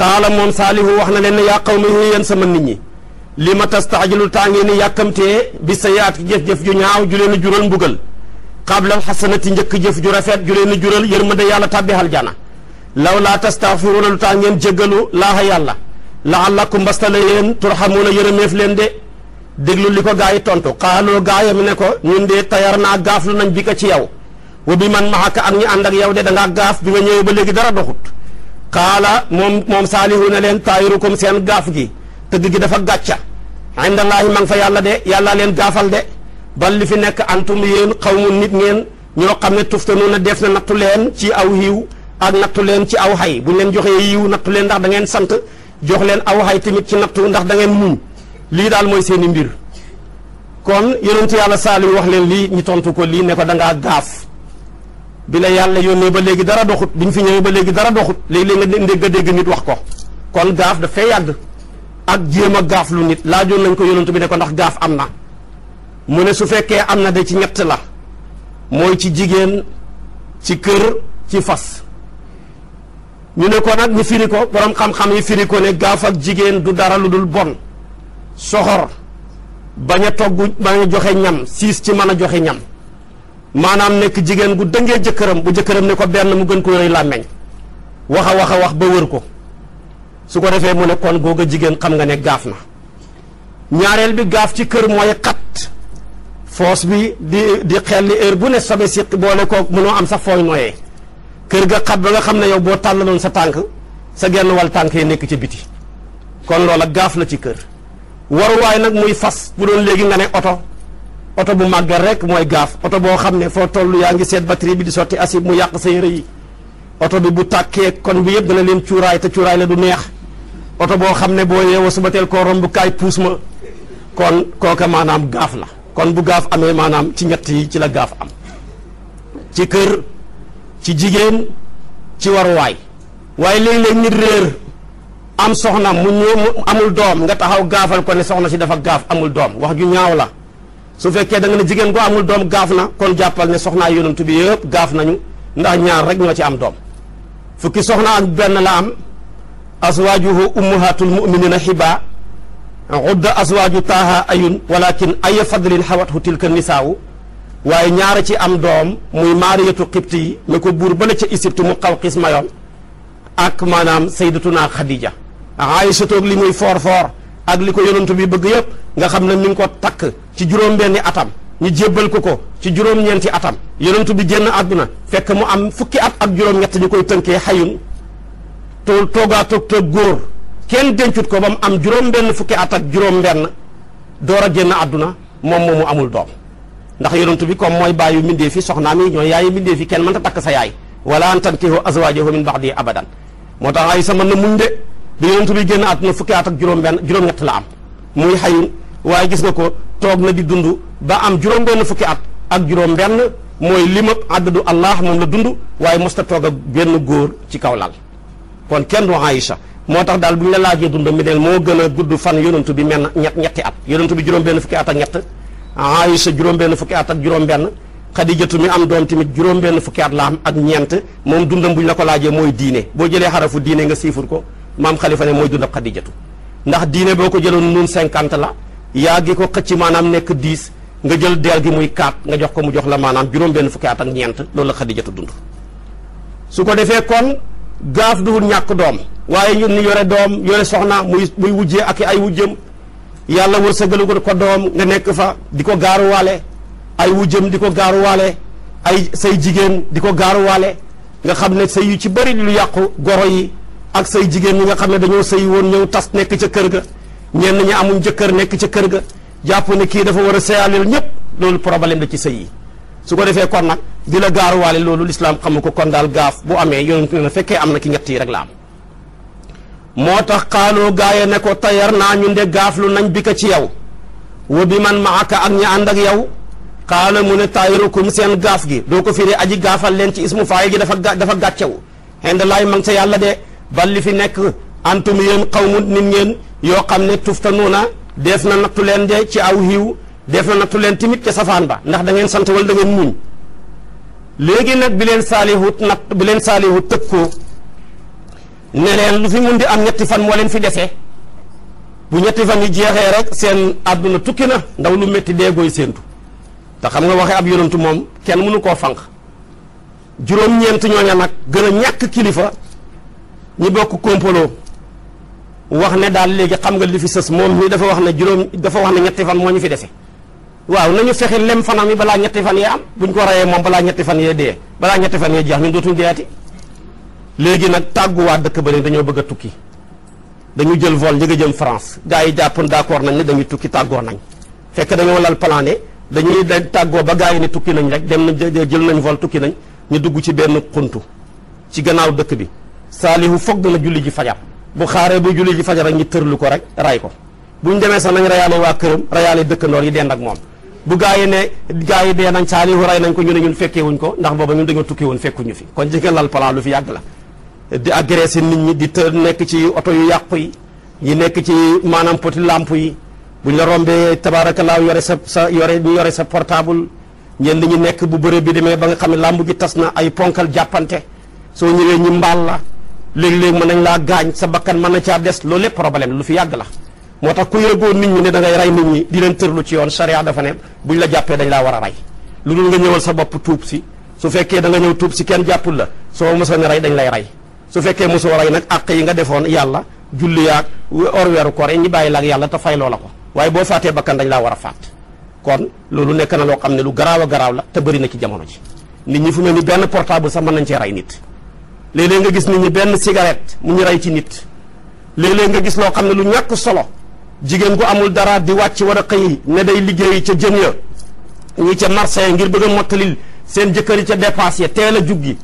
qaala moom saalihu wax na leen ne yaa qawmi yéen sama nit ñi li ma tastaajilu taa ngeen ni yàkkamtee bi sayaat jëf-jëf ju ñaaw ju leen jural mbugal qablal xasanati njëkk jëf ju rafet ju leen jural yërmande yàlla tàbbi aljana law laa tastaxfiruuna lu taa ngeen jéggalu laaha yàlla laallakum mbastale yéen turxamuuna yërëmeef leen de déglu li ko gaa yi tontu xaaloo gaayam ne ko ñun de tayar naa gaaf lu nañ bi ko ci yow wa bi man maxaka ak ñu ànd ak yow de dangaa gaaf bi nga ñëwee ba léegi dara doxut qaala moom moom saalihu ne leen taayirukum seen gaaf gi tëgg gi dafa gàcca indallaahi ma ngi fa yàlla de yàlla leen gaafal de bal li fi nekk antum yéen xawmu nit ngeen ñoo xam ne tuftanu na def na nattu leen ci aw yiw ak nattu leen ci aw xay bu ñu leen joxee yiw nattu leen ndax da ngeen sant jox leen aw xay tamit ci nattu ndax da ngeen muñ lii daal mooy seeni mbir kon yonentu yàlla saalihu wax leen lii ñu tontu ko lii ne ko da ngaa gaaf bi la yàlla yónnee ba léegi dara doxut bi ñu fi ñëwee ba léegi dara doxut léegi-léeg nga dégg dégg nit wax ko kon gaaf daf fee yàgg ak jéem a gaaf lu nit laajoon nañ ko yonentu bi ne ndax gaaf am na mu ne su fekkee am na de ci ñett la mooy ci jigéen ci kër ci fas ñu ne ko nag ñu firi ko borom xam-xam yi firi ko ne gaaf ak jigéen du dara lu dul bon soxor bañ a togg bañ joxe ñam siis ci mën a joxe ñam maanaam nekk jigéen gu dëngee jëkkëram bu jëkkëram ne ko benn mu gën ko rëy làmmeñ wax a wax a wax ba wër ko su ko defee mu ne kon a jigéen xam nga ne gaaf na ñaareel bi gaaf ci kër mooy xat foos bi di di xelli heure bu ne sobe si boole koo mënoo am sax fooy noyee kër ga xat ba nga xam ne yow boo tàllaloon sa tànk sa genn wal tànk yi nekk ci biti kon loola gaaf la ci kër waruwaay nag muy fas bu doon léegi nga ne oto oto bu màgget rek mooy gaaf oto boo xam ne foo toll yaa ngi seet batterie bi di sotti asib mu yàq sa yére yi oto bi bu tàkkee kon bi yëpp dana leen cuuraay te cuuraay la du neex oto boo xam ne boo yeewoo suba teel koo romb kaay puus ma kon kooka maanaam gaaf la kon bu gaaf amee maanaam ci ñett yi ci la gaaf am ci kër ci jigéen ci waruwaay waaye léeg-léeg nit réer am soxna mu ñëw amul doom nga taxaw gaafal ko ne soxna si dafa gaaf amul doom wax ju ñaaw la su fekkee da nga ne jigéen goo amul doom gaaf na kon jàppal ne soxnaa yonantu bi yëpp gaaf nañu ndax ñaar rek ñoo ci am doom fukki soxna ak benn la am aswaajuhu ummahatul muminina xibaa udda aswaaju taaha ayun walakin aya fadlin xawathu tilka nisaawu waaye ñaara ci am doom muy maariyatu xibti yi mi ko buur bala ca isibtu mu xaw xis mayoon ak maanaam sayyidatuna xadija aïcha toog li muy foor foor ak li ko yonantu bi bëgg yëpp nga xam ne mi ngi ko takk ci juróom-benni atam ñu jébbal ko ko ci juróom-ñeenti atam yonantu bi génn àdduna fekk mu am fukki at ak juróom-ñett ñu koy tënkee xayun to toogaatoog te góor kenn dencut ko ba mu am juróom-benn fukki at ak juróom-benn door a génn adduna moom moomu amul doom ndax yonantu bi comme mooy bàyyu mindee fi soxnaam yi ñooy yaayi mindee fi kenn mënta takk sa yaay wala an tankihu azwaajahu min ba'di abadan moo bi yonent bi génn at ak juróom-benn juróom-ñett la am muy xayun waaye gis nga ko toog na di dund ba am juróom-benn fukki at ak juróom-benn mooy limab addadu allah moom la dund waaye mosta toog ak góor ci kaw lal kon kenn du Aïcha moo tax daal bu ñu la laajee dundam bi neen moo a gudd fan yonentu bi menn ñett ñetti at yonentu bi juróom benn fukki at ak ñett Aïcha juróom benn fukki at ak juróom benn Xadijatu mi am doom tamit juróom benn fukki at la am ak ñeent moom dundam bu ñu la ko laajee mooy diine boo jëlee xarafu diine nga siifur ko maam xalifa ne mooy dund ab xadijatu ndax diine boo ko jëloon nun 50 la yaa gi ko xëcc maanaam nekk diis nga jël deel gi muy 4 nga jox ko mu jox la maanaam juróom benn fukki at ak ñeent loolu la xadijatu dund su ko defee kon gaaf duwul ñàkk doom waaye ñun ni yore doom yore soxna muy muy wujjee ak ay wujjëm yàlla wërsëgalu ko doom nga nekk fa di ko gaaruwaale ay wujjëm di ko gaaruwaale ay say jigéen di ko gaaruwaale nga xam ne say yu ci bëri lu yàqu goro yi ak say jigéen ñi nga xam ne dañoo sëy woon ñëw tas nekk ca kër ga ñenn ñi amuñ jëkkër nekk ca kër ga jàpp ne kii dafa war a sëyaaleel ñëpp loolu problème la ci sëy yi su ko defee kon nag di la gaaruwaale loolu lislaam xamu ko kon daal gaaf bu amee yonent ne fekkee am na ki ñett yi rek la am moo tax xaaloo gaaya ne ko tayar naa ñun de gaaflu nañ bi ko ci yow wa bi man maaka ak ñi ànd ak yow xaala mu ne taayirukum seen gaaf gi doo ko firi aji gaafal leen ci ismu faayil gi dafa dafa gàccew yàlla de ban li fi nekk antum xaw xawmu nit ngeen yoo xam ne naa def na nattu leen de ci aw xiiw def na nattu leen timit ca safaan ba ndax dangeen ngeen sant wala da ngeen muñ léegi nag bi leen saalihut natt bi leen saalihut tëb ko ne leen lu fi mun di am ñetti fan moo leen fi defee bu ñetti fan yi jeexee rek seen àdduna tukki na ndaw lu métti dee gooy séentu te xam nga waxee ab yonantu moom kenn mënu koo fànq juróom-ñeent ñooña nag gën a ñàkk kilifa ñu bokk kompolo wax ne daal léegi xam nga li fi sës moom mii dafa wax ne juróom dafa wax ne ñetti fan moo ñu fi dese waaw nañu fexe lem fanam yi balaa ñetti fan yee am buñ ko rayee moom balaa ñetti fan yee dee balaa ñetti fan yee jeex ñun dootuñu deeati léegi nag tàgguwaat dëkk ba ne dañoo bëgg a tukki dañu jël vol njëg a jëm France gars yi jàppoon d'accord nañ ne dañuy tukki tàggoo nañ fekk dañoo lal plané dañuy dañ tàggoo ba gaa yi ne tukki nañ rek dem nañ jël nañ vol tukki nañ ñu dugg ci benn xuntu ci gannaaw dëkk bi saalihu foog dana julli ji fajar bu xaaree bu julli ji fajar rek ñi tërlu ko rek ray ko bu ñu demee sax nañ rayaale waa këram rayaale dëkkandoor yi dend ak moom bu gaa yi ne gaa yi dee nañ saalihu ray nañ ko ñu ne ñun fekkee wuñ ko ndax booba ñun dañoo tukki woon fekkuñu fi kon jigéen lal plan lu fi yàgg la di agressé nit ñi di të nekk ci oto yu yàqu yi ñi nekk ci maanaam poti lamp yi buñ la rombee tabaarakalaaw yore sa sa yore ñu yore sa portable ñenn ñi nekk bu bëre bi demee ba nga xam ne làmb gi tas na ay ponkal jàppante soo ñëwee ñi mbaal la léeg-léeg mën nañ laa gaañ sa bakkan mën na caa des loolu lépp problème lu fi yàgg la moo tax ku yëgoon nit ñi ne da ngay rey nit ñi di leen tërlu ci yoon charia dafa ne buñ la jàppee dañ laa war a rey lu dul nga ñëwal sa bopp tuub si su fekkee da nga ñëw tuub si kenn jàppul la soo mosoon a rey dañ lay rey su fekkee mosoo rey nag àq yi nga defoon yàlla julli yaag or weeru rek ñi bàyyi la yàlla te fay loo la ko waaye boo faatee bakkan dañ laa war a faat kon loolu nekk na loo xam ne lu garaaw a garaaw la te bëri na ci jamono ji nit ñi fu mel ni benn portable sax mën nañ cee rey nit léeg nga gis nit ñi benn cigarette mu ñu rey ci nit léeg nga gis loo xam ne lu ñàkk solo jigéen gu amul dara di wàcc war a xëy ne day liggéey ca jën ya ñi ca marché ngir bëgg a mottalil seen jëkkër ca dépasse ya teel a jug gi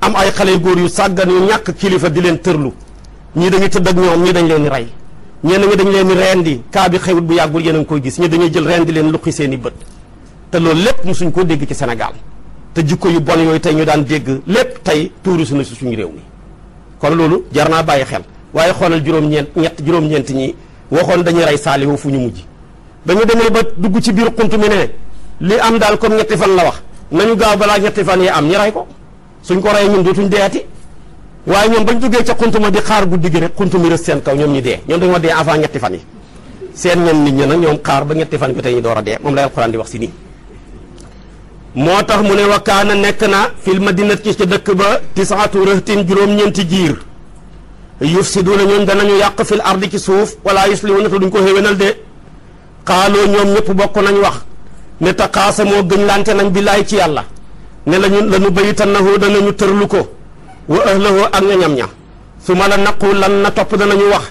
am ay xale yu góor yu sàggan yu ñàkk kilifa di leen tërlu ñii dañuy tëdd ak ñoom ñii dañ leen di rey ñenn ñi dañ leen di rendi kaa bi xewul bu yàggul yéen a ngi koy gis ñi dañuy jël rendi leen luqi seeni bët te loolu lépp suñ koo dégg ci Sénégal te jikko yu bon yooyu tey ñu daan dégg lépp tey tuuri su na suñu réew mi kon loolu jar naa bàyyi xel waaye xoolal juróom-ñeent ñett juróom-ñeent ñi waxoon dañuy rey saalihu fu ñu mujj ba ñu demee ba dugg ci biir xunt mi ne li am daal comme ñetti fan la wax nañu gaaw balaa ñetti fan yi am ñi rey ko suñ ko rey ñun dootuñ deeti waaye ñoom bañ duggee ca xunt ma di xaar guddi gi rek xunt mi rës seen kaw ñoom ñu dee ñoom dañoo dee avant ñetti fan yi seen ñoom nit ñi nag ñoom xaar ba a dee wax si nii moo tax mu ne wakkaana nekk na fil madinati ci dëkk ba tisaatu rëhtin juróom-ñeenti jiir yufsiduuna ñoom danañu yàq fil ardi ci suuf wala yuslihuuna te duñ ko xéwénal de xaaloo ñoom ñëpp bokk nañu wax ne taqaasa moo gëñ lante nañ billaay ci yàlla ne lañu lañu bayitannahu ñu tërlu ko wa ahlahu ak ñañam ña su ma la naqu lan na topp danañu wax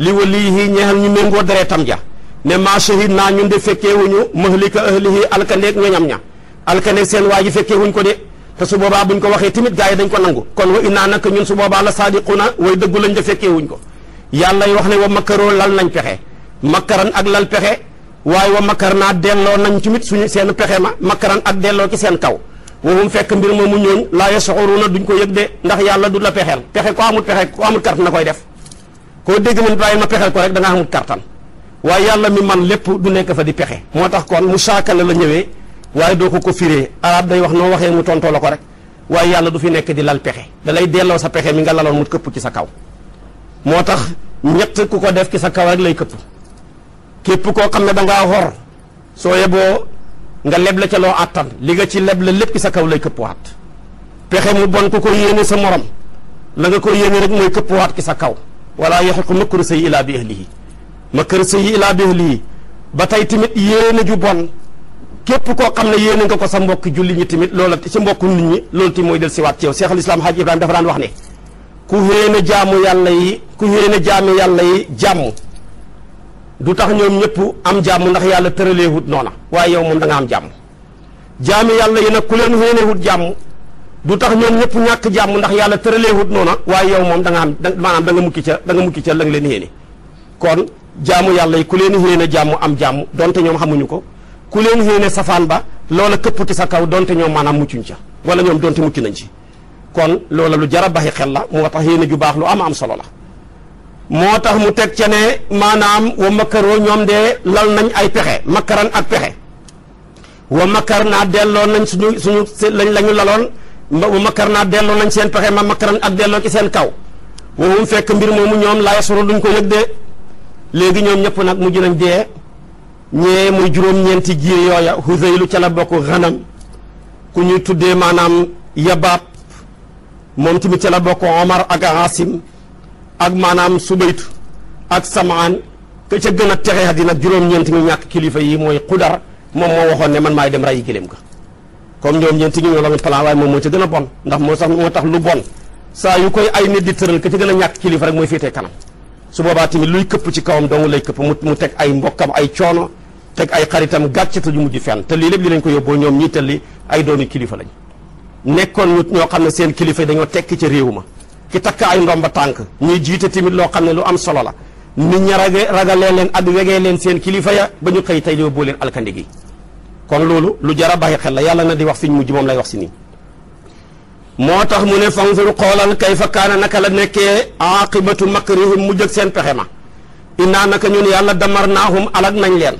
li waliihi ñeexal ñu méngoo deretam ja ne maa shahid naa ñun de fekkee wuñu mahlika ahlihi alkandeeg ñañam ña alkane seen waa ji fekkee wuñ ko de te su boobaa buñ ko waxee tamit gars yi dañ ko nangu kon wa innaa nag ñun su boobaa la saadiquuna way dëggu lañ da fekkee wuñ ko yàlla wax ne wa makkaroo lal nañ pexe makkaran ak lal pexe waaye wa makar naa delloo nañ tamit suñu seen pexe ma makkaran ak delloo ci seen kaw wowum fekk mbir mu ñooñ laa na duñ ko yëg de ndax yàlla du la pexeel pexe ko amul pexe ko amul karte na koy def koo dégg man bàyyi ma pexeel ko rek da nga kartan waaye yàlla mi man lépp du nekk fa di pexe moo tax kon musaakala la ñëwee waaye doo ko ko firee arab day wax noo waxee mu tontoo la ko rek waaye yàlla du fi nekk di lal pexe dalay lay delloo sa pexe mi nga laloon mu këpp ci sa kaw moo tax ñett ku ko def ci sa kaw rek lay këpp képp koo xam ne dangaa xor soo yeboo nga leble ca loo àttan li nga ci leble lépp ci sa kaw lay këpp waat pexe mu bon ku ko yéene sa morom la nga ko yéene rek mooy këppwaat ki sa kaw wala yahiqu makru sayyi illaa bi ahlihi makru sayyi illaa bi ahlihi ba tey tamit yéene ju képp koo xam ne yéene nga ko sa mbokk julli ñi tamit loola ci mbokku nit ñi loolu ti mooy del siwaat ci yow Seexul Islaam Haaj Ibrahima dafa daan wax ne ku yéene jaamu yàlla yi ku yéene jaamu yàlla yi jàmm du tax ñoom ñëpp am jàmm ndax yàlla tëraleewut noona waaye yow moom da nga am jàmm yàlla yi nag ku leen yéenewut jàmm du tax ñoom ñëpp ñàkk jàmm ndax yàlla tëraleewut noona waaye yow moom da nga am maanaam da nga mukki ca da nga mukki ca la leen yéene kon jaamu yàlla yi ku leen yéene jàmm am jàmm donte ñoom xamuñu ko ku leen yéene safaan ba loola këpp ci sa kaw donte ñoom maanaam muccuñ ca wala ñoom donte mucc nañ ci kon loola lu jar a xel la moo tax yéene ju baax lu am am solo la moo tax mu teg ca ne maanaam wa makkaroo ñoom de lal nañ ay pexe makkaran ak pexe wa makkar naa delloo nañ suñu suñu lañ la ñu laloon wa makkar naa delloo nañ seen pexe ma makkaran ak delloo ci seen kaw wowum fekk mbir moomu ñoom laay soro duñ ko yëg de léegi ñoom ñëpp nag mujj nañ dee ñee muy juróom-ñeenti giir yooya Huzaylu ca la bokk xanam ku ñuy tuddee maanaam yabaab moom tamit ca la bokk Omar ak Asim ak maanaam subaytu ak samaan ka ca gën a texe xa dina juróom-ñeenti ñu ñàkk kilifa yi mooy xudar moom moo waxoon ne man maay dem rayi gëléem ga comme ñoom ñeenti ñu ñoo la plan waaye moom moo ca gën a bon ndax moo sax moo tax lu bon saa yu koy ay nit di tëral ka ca gën a ñàkk kilifa rek mooy féetee kanam su boobaa tamit këpp ci kawam dong lay këpp mu teg ay mbokkam ay coono teg ay xaritam gàcce te ju mujj fenn te lii lépp li lañ ko yóbboo ñoom ñii telli ay doomi kilifa lañ nekkoon ñu ñoo xam ne seen kilifa dañoo tekki ca réew ma ki takk ay ndomba tànk ñuy jiite tamit loo xam ne lu am solo la nit ña rage leen ak wegee leen seen kilifa ya ba ñu xëy tey yóbboo leen alkandi gi kon loolu lu jar a bàyyi xel la yàlla na di wax fiñ mujj moom lay wax si nii moo tax mu ne fanzur xoolal kayfa kaana naka la nekkee aqibatu makrihim mu jëg seen pexe ma innaa naka ñun yàlla damar naahum alag nañ leen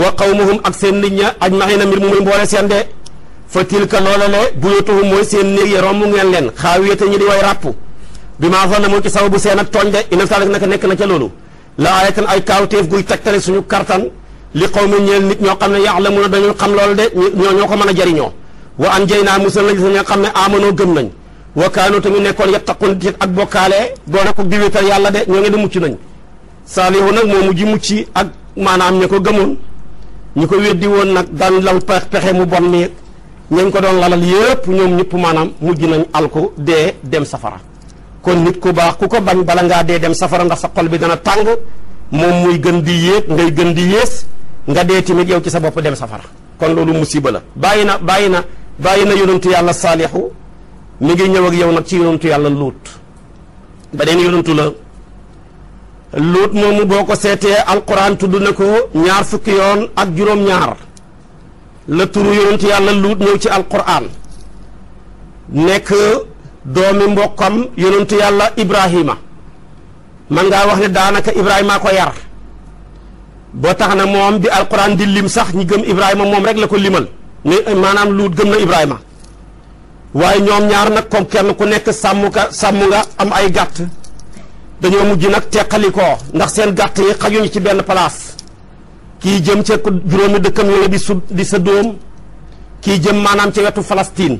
wa qawmuhum ak seen nit ña ajmaxiina mbir mu muy mboole seen de fa tilka bu le buyutuhum mooy seen néeg ya romb ngeen leen xaawiyata ñi di way ràpp bi maa fa na mu ci sababu seen ak tooñ de inaf saalik naka nekk na ca loolu la aayatan ay kaawteef guy tegtale suñu kartan li qawmi ñeel nit ñoo xam ne la ya'lamuuna dañu xam loolu de ñoo ñoo ko mën a jariñoo wa anjaynaa musal lañ sañoo xam ne aamanoo gëm nañ wa kaanu tamit nekkoon yattaqun ci ak bokkaale doona ko diwétal yàlla de ñoo ngi di mucc nañ saalihu nag moo mujj mucc ak maanaam ña ko gëmoon ñi ko weddi woon nag daan lal pexe mu bon mi ñañ ko doon lalal yëpp ñoom ñëpp maanaam mujj nañu alku dee dem safara kon nit ku baax ku ko bañ bala ngaa dee dem safara ndax sa xol bi dana tàng moom muy gën di yéeg ngay gën di yées nga dee tamit yow ci sa bopp dem safara kon loolu musiba la bàyyi na bàyyi na bàyyi na yonantu yàlla saalixu mi ngi ñëw ak yow nag ci yonantu yàlla luut beneen yonantu la luut moomu boo ko seetee alquran tudd na ko ñaar fukki yoon ak juróom-ñaar la turu yonent yàlla luut ñëw ci alquran nekk doomi mbokkam yonent yàlla ibrahima man ngaa wax ne daanaka ibrahima ko yar boo tax na moom bi alquran di lim sax ñi gëm ibrahima moom rek la ko limal mais maanaam luut gëm na ibrahima waaye ñoom ñaar nag comme ku nekk sàmm ka sàmm nga am ay gàtt dañoo mujj nag teqalikoo ndax seen gàtt yi xajuñu ci benn place kii jëm ca juróomi dëkkam yooyu di su di sa dóom kii jëm maanaam ca wetu Palestine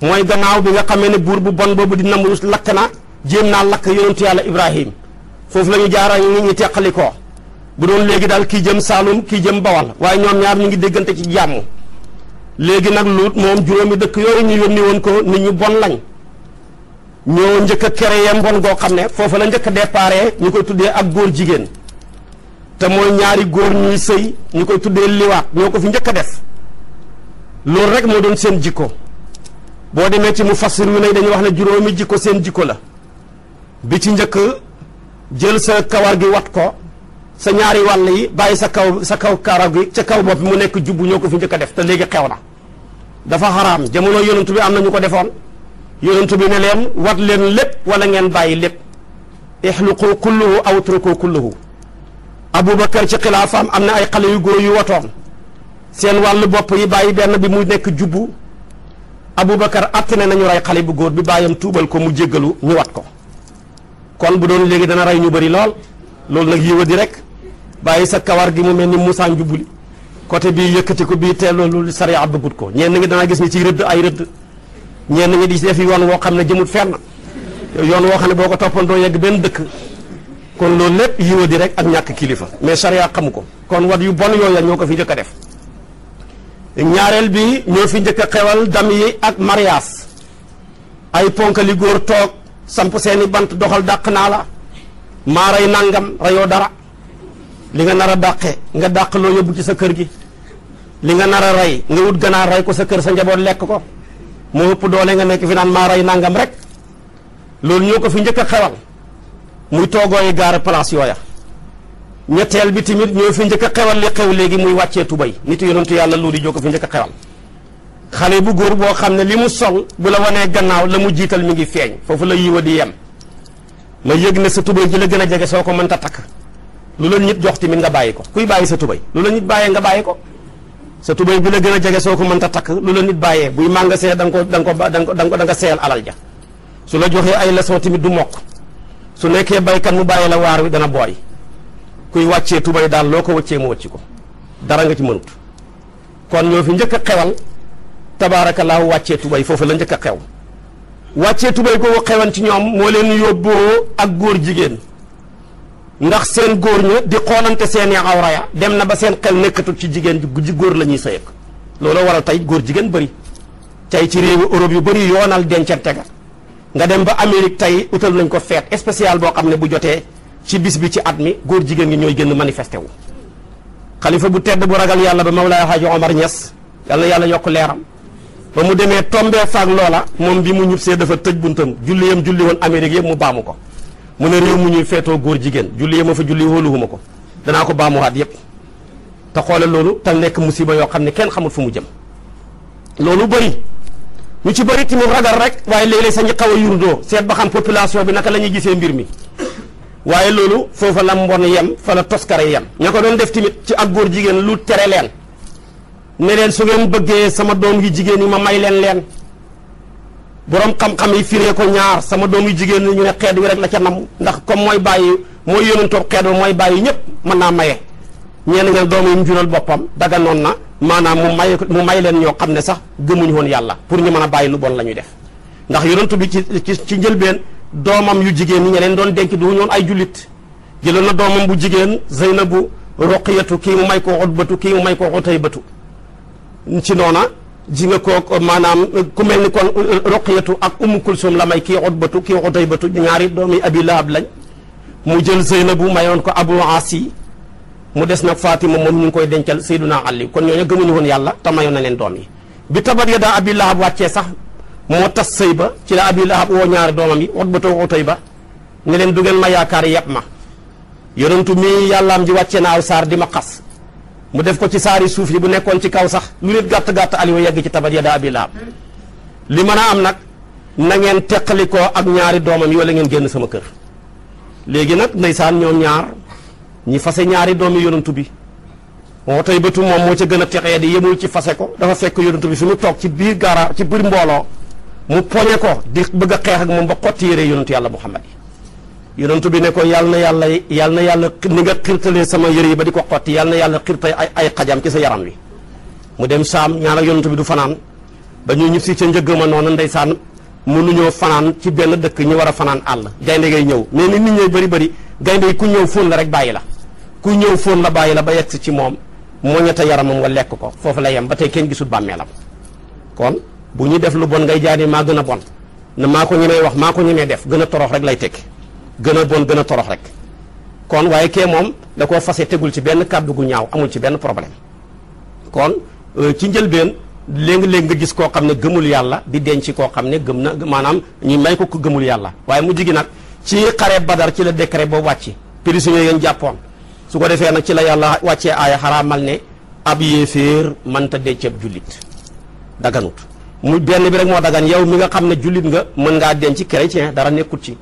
mooy gannaaw bi nga xamee ne buur bu bon boobu di Namrus lakk na jéem naa lakk yonentu yàlla Ibrahim foofu la ñu jaara nit ñi teqalikoo bu doon léegi daal kii jëm Saalum kii jëm Bawal waaye ñoom ñaar ñu ngi déggante ci jàmm léegi nag Luut moom juróomi dëkk yooyu ñu yónni woon ko nit ñu bon lañ ñoo njëkk a créé bon goo xam ne foofa la njëkk a déparé ñu koy tuddee ak góor jigéen te mooy ñaari góor ñuy sëy ñu koy tuddee liwaat ñoo ko fi njëkk a def loolu rek moo doon seen jikko boo demee ci mu fas fassir wi dañuy wax ne juróomi jikko seen jikko la bi ci njëkk jël sa kawar gi wat ko sa ñaari wàll yi bàyyi sa kaw sa kaw karaw gi ca kaw bopp mu nekk jubbu ñoo ko fi njëkk def te léegi xew na dafa xaraam jamono yonent bi am na ñu ko defoon yonentu bi ne leen war leen lépp wala ngeen bàyyi lépp ixluqu kulluhu aw truku kulluhu aboubacar ci xilaafaam am na ay xale yu góor yu wotoon seen wàll bopp yi bàyyi benn bi mu nekk jubbu aboubacar atte ne nañu rey xale bu góor bi bàyyam tuubal ko mu jéggalu ñu wat ko kon bu doon léegi dana rey ñu bari lool loolu nag yiwa di rek bàyyi sa kawar gi mu mel ni Moussa njubbuli côté bii yëkkati ko bii teel loolu sariya bëggut ko ñeen na ngi danaa gis ni ci rëdd ay rëdd ñenn ñi di def yoon woo xam ne jëmut fenn yoon woo xam ne boo ko toppoon doo yegg benn dëkk kon loolu lépp yiwa di rek ak ñàkk kilifa mais sariya xamu ko kon wat yu bon yooya ñoo ko fi jëkka a def ñaareel bi ñoo fi njëkk a xewal dam yi ak mariage ay ponkali góor toog samp seeni bant doxal dàq naa la maa rey nangam reyoo dara li nga nar a dàqe nga dàq loo yóbbu ci sa kër gi li nga nar a rey nga wut ganaar rey ko sa kër sa njaboot lekk ko moo ëpp doole nga nekk fi naan maa rey nangam rek loolu ñoo ko fi njëkk a xewal muy toogooyu gaara place yooya ñetteel bi tamit ñoo fi njëkk a xewal li xew léegi muy wàccee tubay nit yonentu yàlla loolu joo ko fi njëkk a xewal xale bu góor boo xam ne li mu sol bu la wanee gannaaw la mu jiital mi ngi feeñ foofu la yiwa di yem la yëg ne sa tubay ji la gën a jege soo ko mënta takk lu la nit jox tamit nga bàyyi ko kuy bàyyi sa tubay lu la nit bàyyee nga bàyyi ko sa tubéy bi la gën a jege soo ko mënta takk lu la nit bàyyee buy magasin da nga ko da nga ko da nga ko da seeyal alal ja su la joxee ay la leçon tamit du mokk su nekkee baykat mu bàyyi la waar wi dana booy kuy wàccee tubéy daal loo ko wàccee mu wàcci ko dara nga ci mënut kon ñoo fi njëkk a xewal tabaarakallaahu wàccee tubéy foofu la njëkk a xew wàccee tubéy googu xewan ci ñoom moo leen yóbboo ak góor jigéen ndax seen góor ña di xoolante seeni awra ya dem na ba seen xel nekkatul ci jigéen ji góor la ñuy sëy ak looloo waral tey góor jigéen bëri tey ci réewu Europe yu bëri yoonal dencante ga nga dem ba Amérique tey utal nañ ko fête spéciale boo xam ne bu jotee ci bis bi ci at mi góor jigéen ñi ñooy génn manifesté wu xalifa bu tedd bu ragal yàlla ba Mawlaay Haaji Omar Niass yàlla yàlla yokk leeram ba mu demee tombee faak loola moom bi mu ñibbisee dafa tëj buntam julli yam julli woon Amérique yëpp mu baamu ko mu ne réew mu ñuy feetoo góor jigéen julli yema fa julli wóoluwuma ko danaa ko baamuwaat yépp te xoolal loolu te nekk musiba yoo xam ne kenn xamul fu mu jëm loolu bëri ñu ci bëri tamit ragal rek waaye léeg sañ sañu xaw a yurdoo seet ba xam population bi naka la ñuy gisee mbir mi waaye loolu foofa la mbon yem fa la toskare yem ña ko doon def tamit ci ak góor jigéen lu tere leen ne leen su ngeen bëggee sama doom yi jigéen yi ma may leen leen borom xam-xam yi firee ko ñaar sama doom yu jigéen ñu ne xeet wi rek la ca nam ndax comme mooy bàyyi mooy yónantoo xeet wi mooy bàyyi ñëpp mën naa maye. ñeen nga doom yi mu jural boppam daga noon na maanaam mu may mu may leen ñoo xam ne sax gëmuñu woon yàlla pour ñu mën a bàyyi lu bon la ñuy def ndax yonent bi ci ci ci njëlbeen doomam yu jigéen ñi ñe leen doon denc du ñoon ay jullit jëloon na doomam bu jigéen Zeynabu Roqiyatu kii mu may ko Utbatu kii mu may ko Utaybatu ci noona ji nga koo euh, maanaam euh, ku mel ni kon euh, roqiyatu ak umu kulsum la may kii utbatu kii utaybatu ñaari yi abi lahab lañ mu jël zeynabu mayoon ko abu asi mu des nag fatima moom ñu ngi koy dencal sayduna ali kon ñooñu gëmuñu woon yàlla te mayoon na leen doom yi bi tabat ya daa abi lahab wàccee sax moo tas sëy ba ci la abi lahab woo ñaari doomam yi utbatu utayba ne leen du ngeen ma yaakaar yeb ma yonentu mii yàllaam ji wàccee na aw saar di ma xas mu def ko ci saari suuf yi bu nekkoon ci kaw sax lu nit gàtt-gàtt aliwa yegg ci tabat yada abi laab li mën a am nag na ngeen ko ak ñaari doomam yi wala ngeen génn sama kër léegi nag ndeysaan ñoom ñaar ñi fase ñaari doomi yonantu bi moo tey bëtu moom moo ca gën a texee di yemul ci fase ko dafa fekk yonantu bi su mu toog ci biir gara ci biir mbooloo mu poñe ko di bëgg a xeex ak moom ba xotti yére yonantu yàlla muhammad yonentu bi ne ko yàlla na yàlla yàlla na yàlla ni nga xirtalee sama yëre yi ba di ko xotti yàlla na yàlla xirta ay ay xajam ci sa yaram wi mu dem saam ñaan ak yonentu bi du fanaan ba ñu ñib si ca njëggama noonu ndeysaan mënuñoo fanaan ci benn dëkk ñu war a fanaan àll gaynde ngay ñëw mais ni nit ñi bëri bari gaynde yi ku ñëw fóon la rek bàyyi la ku ñëw fóon la bàyyi la ba yegg ci moom moo moñata yaramam wa lekk ko foofu la yem ba tey kenn gisul bàmmeelam kon bu ñu def lu bon ngay jaay ne maa bon na maa ko ñemee wax maa ko ñemee def gën a torox rek lay tekki gën a bon gën a torox rek kon waaye kee moom da koo fase tegul ci benn kàddu gu ñaaw amul ci benn problème kon euh, ci njëlbeen léeg-léeg nga gis koo xam ne gëmul yàlla di denc koo xam ne gëm na maanaam ñu may ko ko gëmul yàlla waaye mu jigi nag ci xare badar ci la décret boobu wàcc prisonniers yañ jàppoon su ko defee nag ci la yàlla wàccee aaya xaraamal ne ab yéeféer mënta denceeb jullit daganut mu benn bi rek moo dagan yow mi nga xam ne jullit nga mën ngaa denc chrétien dara nekkut ci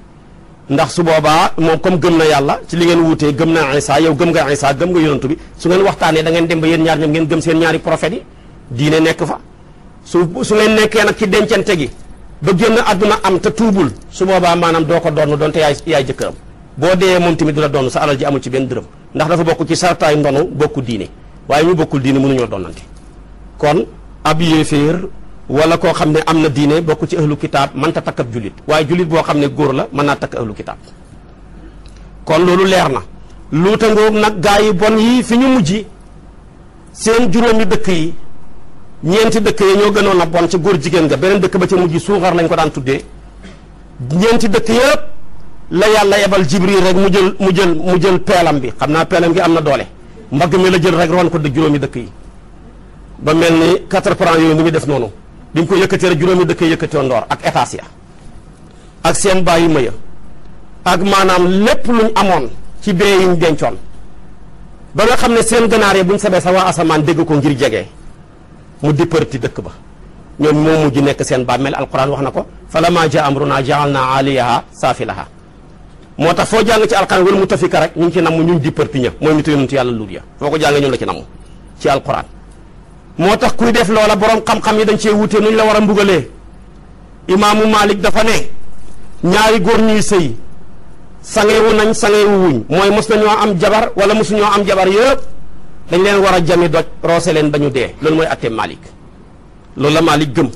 ndax su boobaa moom comme gëm na yàlla ci li ngeen wutee gëm na Isa yow gëm nga Isa gëm nga yonantu bi su ngeen waxtaanee da ngeen dem ba yéen ñaar ñoom ngeen gëm seen ñaari prophètes yi diine nekk fa su su ngeen nekkee nag ci dencante gi ba génn àdduna am te tuubul su boobaa maanaam doo ko doonn doonte yaay yaay jëkkëram boo dee moom tamit du la doon sa alal ji amul ci benn dërëm ndax dafa bokk ci sartaay ndonu bokku diine waaye ñu bokkul diine mënuñoo doonante kon ab yéeféer wala koo xam ne am na diine bokk ci ahlu kitaab manta takk ab jullit waaye jullit boo xam ne góor la mën naa takk ahlu kitaab kon loolu leer na luuta ngoog nag gaa yi bon yi fi ñu mujj seen juróomi dëkk yi ñeenti dëkk yi ñoo gënoon a bon ci góor jigéen nga beneen dëkk ba ci mujj suuxar lañ ko daan tuddee ñeenti dëkk yëpp la yàlla yebal jibril rek mu jël mu jël mu jël peelam bi xam naa peelam gi am na doole mbagg mi la jël rek ron ko juróomi dëkk yi ba mel ni quatre pran yooyu mu ngi def noonu bi mu ko yëkkatee rek juróomi dëkk yëkkatee ndoor ak états ya ak seen baa ma ya ak maanaam lépp luñ amoon ci bee yiñ dencoon ba nga xam ne seen ganaar yi buñ sabee sa waa asamaan dégg ko ngir jege mu dipparti dëkk ba ñoom moo mujj nekk seen bàmmeel alquran wax na ko falammaa jaa amrunaa ja'alnaa aaliyahaa saafilahaa moo tax foo jàng ci alquran wal mutafika rek ñu ngi ci namm ñun dipparti ña mooy nitu yonentu yàlla luut ya foo ko jàngee ñu la ci namm ci alquran moo tax kuy def loola boroom xam-xam yi dañ cee wute nuñ la war a mbugalee imaamu Malik dafa ne ñaari góor ñuy sëy sangewu nañ sangewu wuñ mooy mos nañoo am jabar wala mosuñoo am jabar yëpp dañ leen war a jami doj roose leen ba dee loolu mooy atte Malik loolu la Malik gëm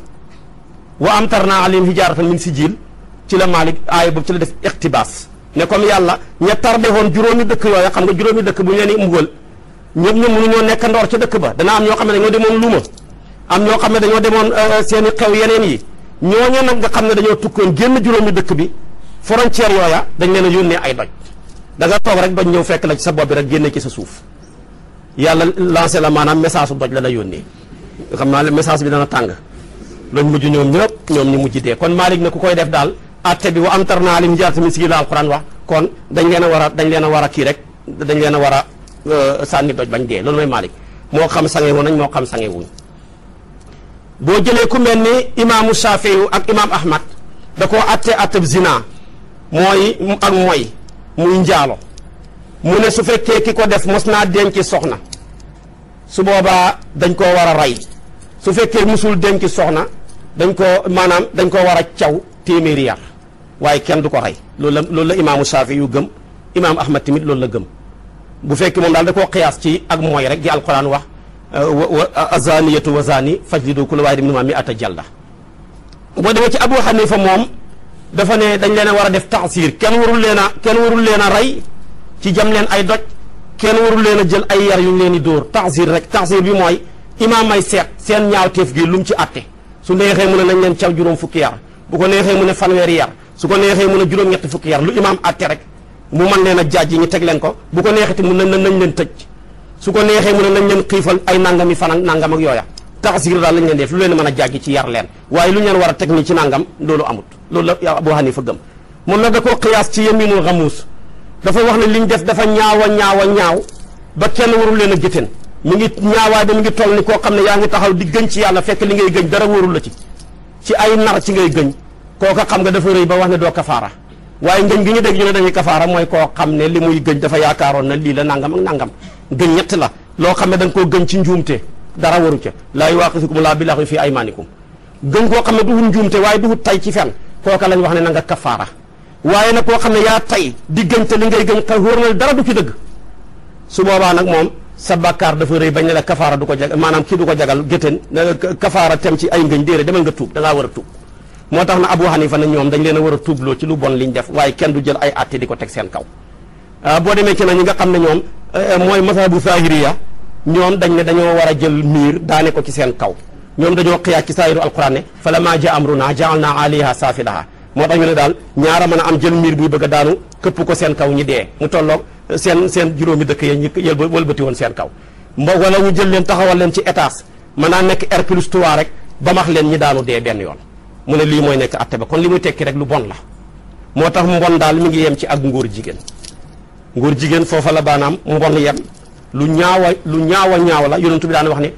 wa am tar naa alim hijaaratan min sijil ci la Malik aaya boobu ci la def iqtibaas ne comme yàlla ña tardé woon juróomi dëkk yooya xam nga juróomi dëkk bu ñu leen i ñëpp ñu ñoo nekk ndoor ca dëkk ba dana am ñoo xam ne dañoo demoon luuma am ñoo xam ne dañoo demoon euh, seen i yeneen yi ñooñu nag nga xam ne dañoo tukkoon génn juróomi dëkk bi frontière yooya dañ leen a yónnee ay doj da toog rek bañ ñëw fekk la ci sa bopp bi rek génne ci sa suuf yàlla lancé la maanaam message su doj la la yónnee xam naa ne message bi dana tàng lañ mujj ñoom ñëpp ñoom ñu mujj dee kon Malick na ku koy def daal atte bi wa am tar naa lim jaar tamit si la alquran wax kon dañ leen a war a dañ leen a war a kii rek dañ leen a war a Euh, sànni doj bañ dee loolu mooy Malik moo xam sange wu nañ moo xam sange wuñ boo jëlee ku mel ni imaamu Shaafiyu ak imaam Ahmad da koo atte attab zina mooy ak moy mu njaalo mu ne su fekkee ki ko def mos naa denc soxna su boobaa dañ koo war a rey su fekkee musul denc soxna dañ koo maanaam dañ koo war a caw téeméeri yar waaye kenn du ko rey loolu la loolu la imaamu Shaafi yu gëm imaam Ahmad tamit loolu la gëm bu fekkee moom daal da koo xiyaas ci ak mooy rek di alquran wax azaniyatu wa zani fajlidu kulla waahidin minhumaa mi'ata jalda boo defee ci Abu Hanifa moom dafa ne dañ leen a war a def taxsiir kenn warul leen a kenn warul leen a rey ci jam leen ay doj kenn warul leen a jël ay yar yu leen di dóor taxsiir rek taxsiir bi mooy imaam may seet seen ñaawteef gi lu mu ci atte su neexee mu ne nañ leen caw juróom fukki yar bu ko neexee mu ne fan fanweeri yar su ko neexee mu ne juróom fukki yar lu imaam atte rek mu mën leen a jaaj yi ñu teg leen ko bu ko neexeti mun nañ nañ leen tëj su ko neexee mu ne nañ leen xiifal ay nangami fan ak nangam ak yooya taxsir daal lañ leen def lu leen mën a jàggi ci yar leen waaye lu ñu leen war a teg ni ci nangam loolu amut loolu la Abu Hanifa gëm moom nag da koo xiyaas ci yeminul xamuus dafa wax ne li ñu def dafa ñaawa ñaawa ñaaw ba kenn warul leen a géttéen mi ngi ñaawaay ba mi ngi toll ni koo xam ne yaa ngi taxaw di gëñ ci yàlla fekk li ngay gëñ dara warul la ci ci ay nar ci ngay gëñ kooka xam nga dafa rëy ba wax ne doo kafaara waaye ngëñ gi ñu dégg ñu ne dañuy kafaara mooy koo xam ne li muy gëñ dafa yaakaaroon na lii la nangam ak nangam gëñ ñett la loo xam ne da nga koo gëñ ci njuumte dara waru ca laa yuwaaqisukum laa bilaahi fi aymaanikum gëñ koo xam ne duwul njuumte waaye duwul tay ci fen kooka lañ wax ne na nga kafaara waaye nag koo xam ne yaa tay di gëñ te li ngay gëñ xëy wóor na dara du ci dëgg su boobaa nag moom sa bàkkaar dafa rëy bañ ne la kafaara du ko jag maanaam kii du ko jagal géttéen kafaara tem ci ay ngëñ déere demal nga tuub dangaa war a tuub moo tax na Abu Hanifa na ñoom dañ leen a a tuubloo ci lu bon ñu def waaye kenn du jël ay atte di ko teg seen kaw ah, boo demee ci na ñi nga xam ne ñoom eh, mooy bu mazhabu ya ñoom dañ ne dañoo war a jël miir daane ko ci seen kaw ñoom dañoo xiyaat ci saayiru alquran ne fa la maa ja amruna jaal naa aliha saafilaha moo tax ñu ne daal ñaara mën a am jël miir buy bëgg a daanu këpp ko seen kaw ñi dee mu tolloog eh, seen seen juróomi dëkk ya ñu yël wëlbati woon seen kaw mbo wala ñu jël taxawal leen ci étage mën naa nekk R plus rek ba max leen ñi daanu dee benn yoon mu ne lii mooy nekk atte ba kon li muy tekki rek lu bon la moo tax mbon daal mi ngi yem ci ak ngóor jigéen ngóor jigéen foofa la baanaam mbon yem lu ñaawa lu ñaawa ñaaw la yonentu bi daan wax ne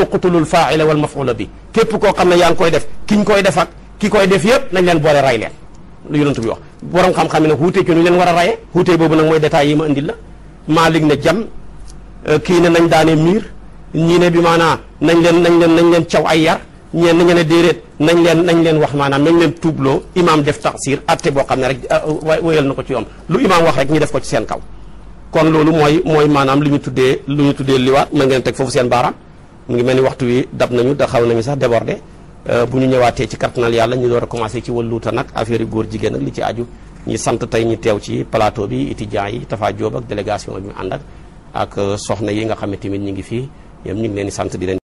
uqtulul faaila wal mafuula bi képp koo xam ne yaa ngi koy def kiñ koy def ak ki koy def yëpp nañ leen boole ray leen lu yonentu bi wax borom xam-xam yi nag xuutee ci ñu leen war a raye xuutee boobu nag mooy détails yi ma indil la Maalik ne jam euh, kii ne nañ daane miir ñii bi maanaa nañ leen nañ leen nañ leen caw ay yar ñeen nañu ne déedéet nañ leen nañ leen wax maanaam nañ leen tuubloo imaam def tafsir atte boo xam ne rek ah, wéyal na ko ci yoon lu imaam wax rek ñu def ko ci seen kaw kon loolu mooy mooy maanaam lu ñu tuddee lu ñu tuddee liwaat mën ngeen teg foofu seen baaraam mu ngi mel ni waxtu wi dab nañu da xaw nañu sax débordé euh, bu ñu ñëwaatee ci kartanal yàlla ñu door a commencé ci walluuta nag affaire yu góor jigéen ak li ci aju ñi sant tey ñi teew ci plateau bi étudiants yi Tafa Joob ak délégation bi ànd ak ak euh, soxna yi nga xam ne ñu ngi fii ñoom ñu ngi leen di sant di leen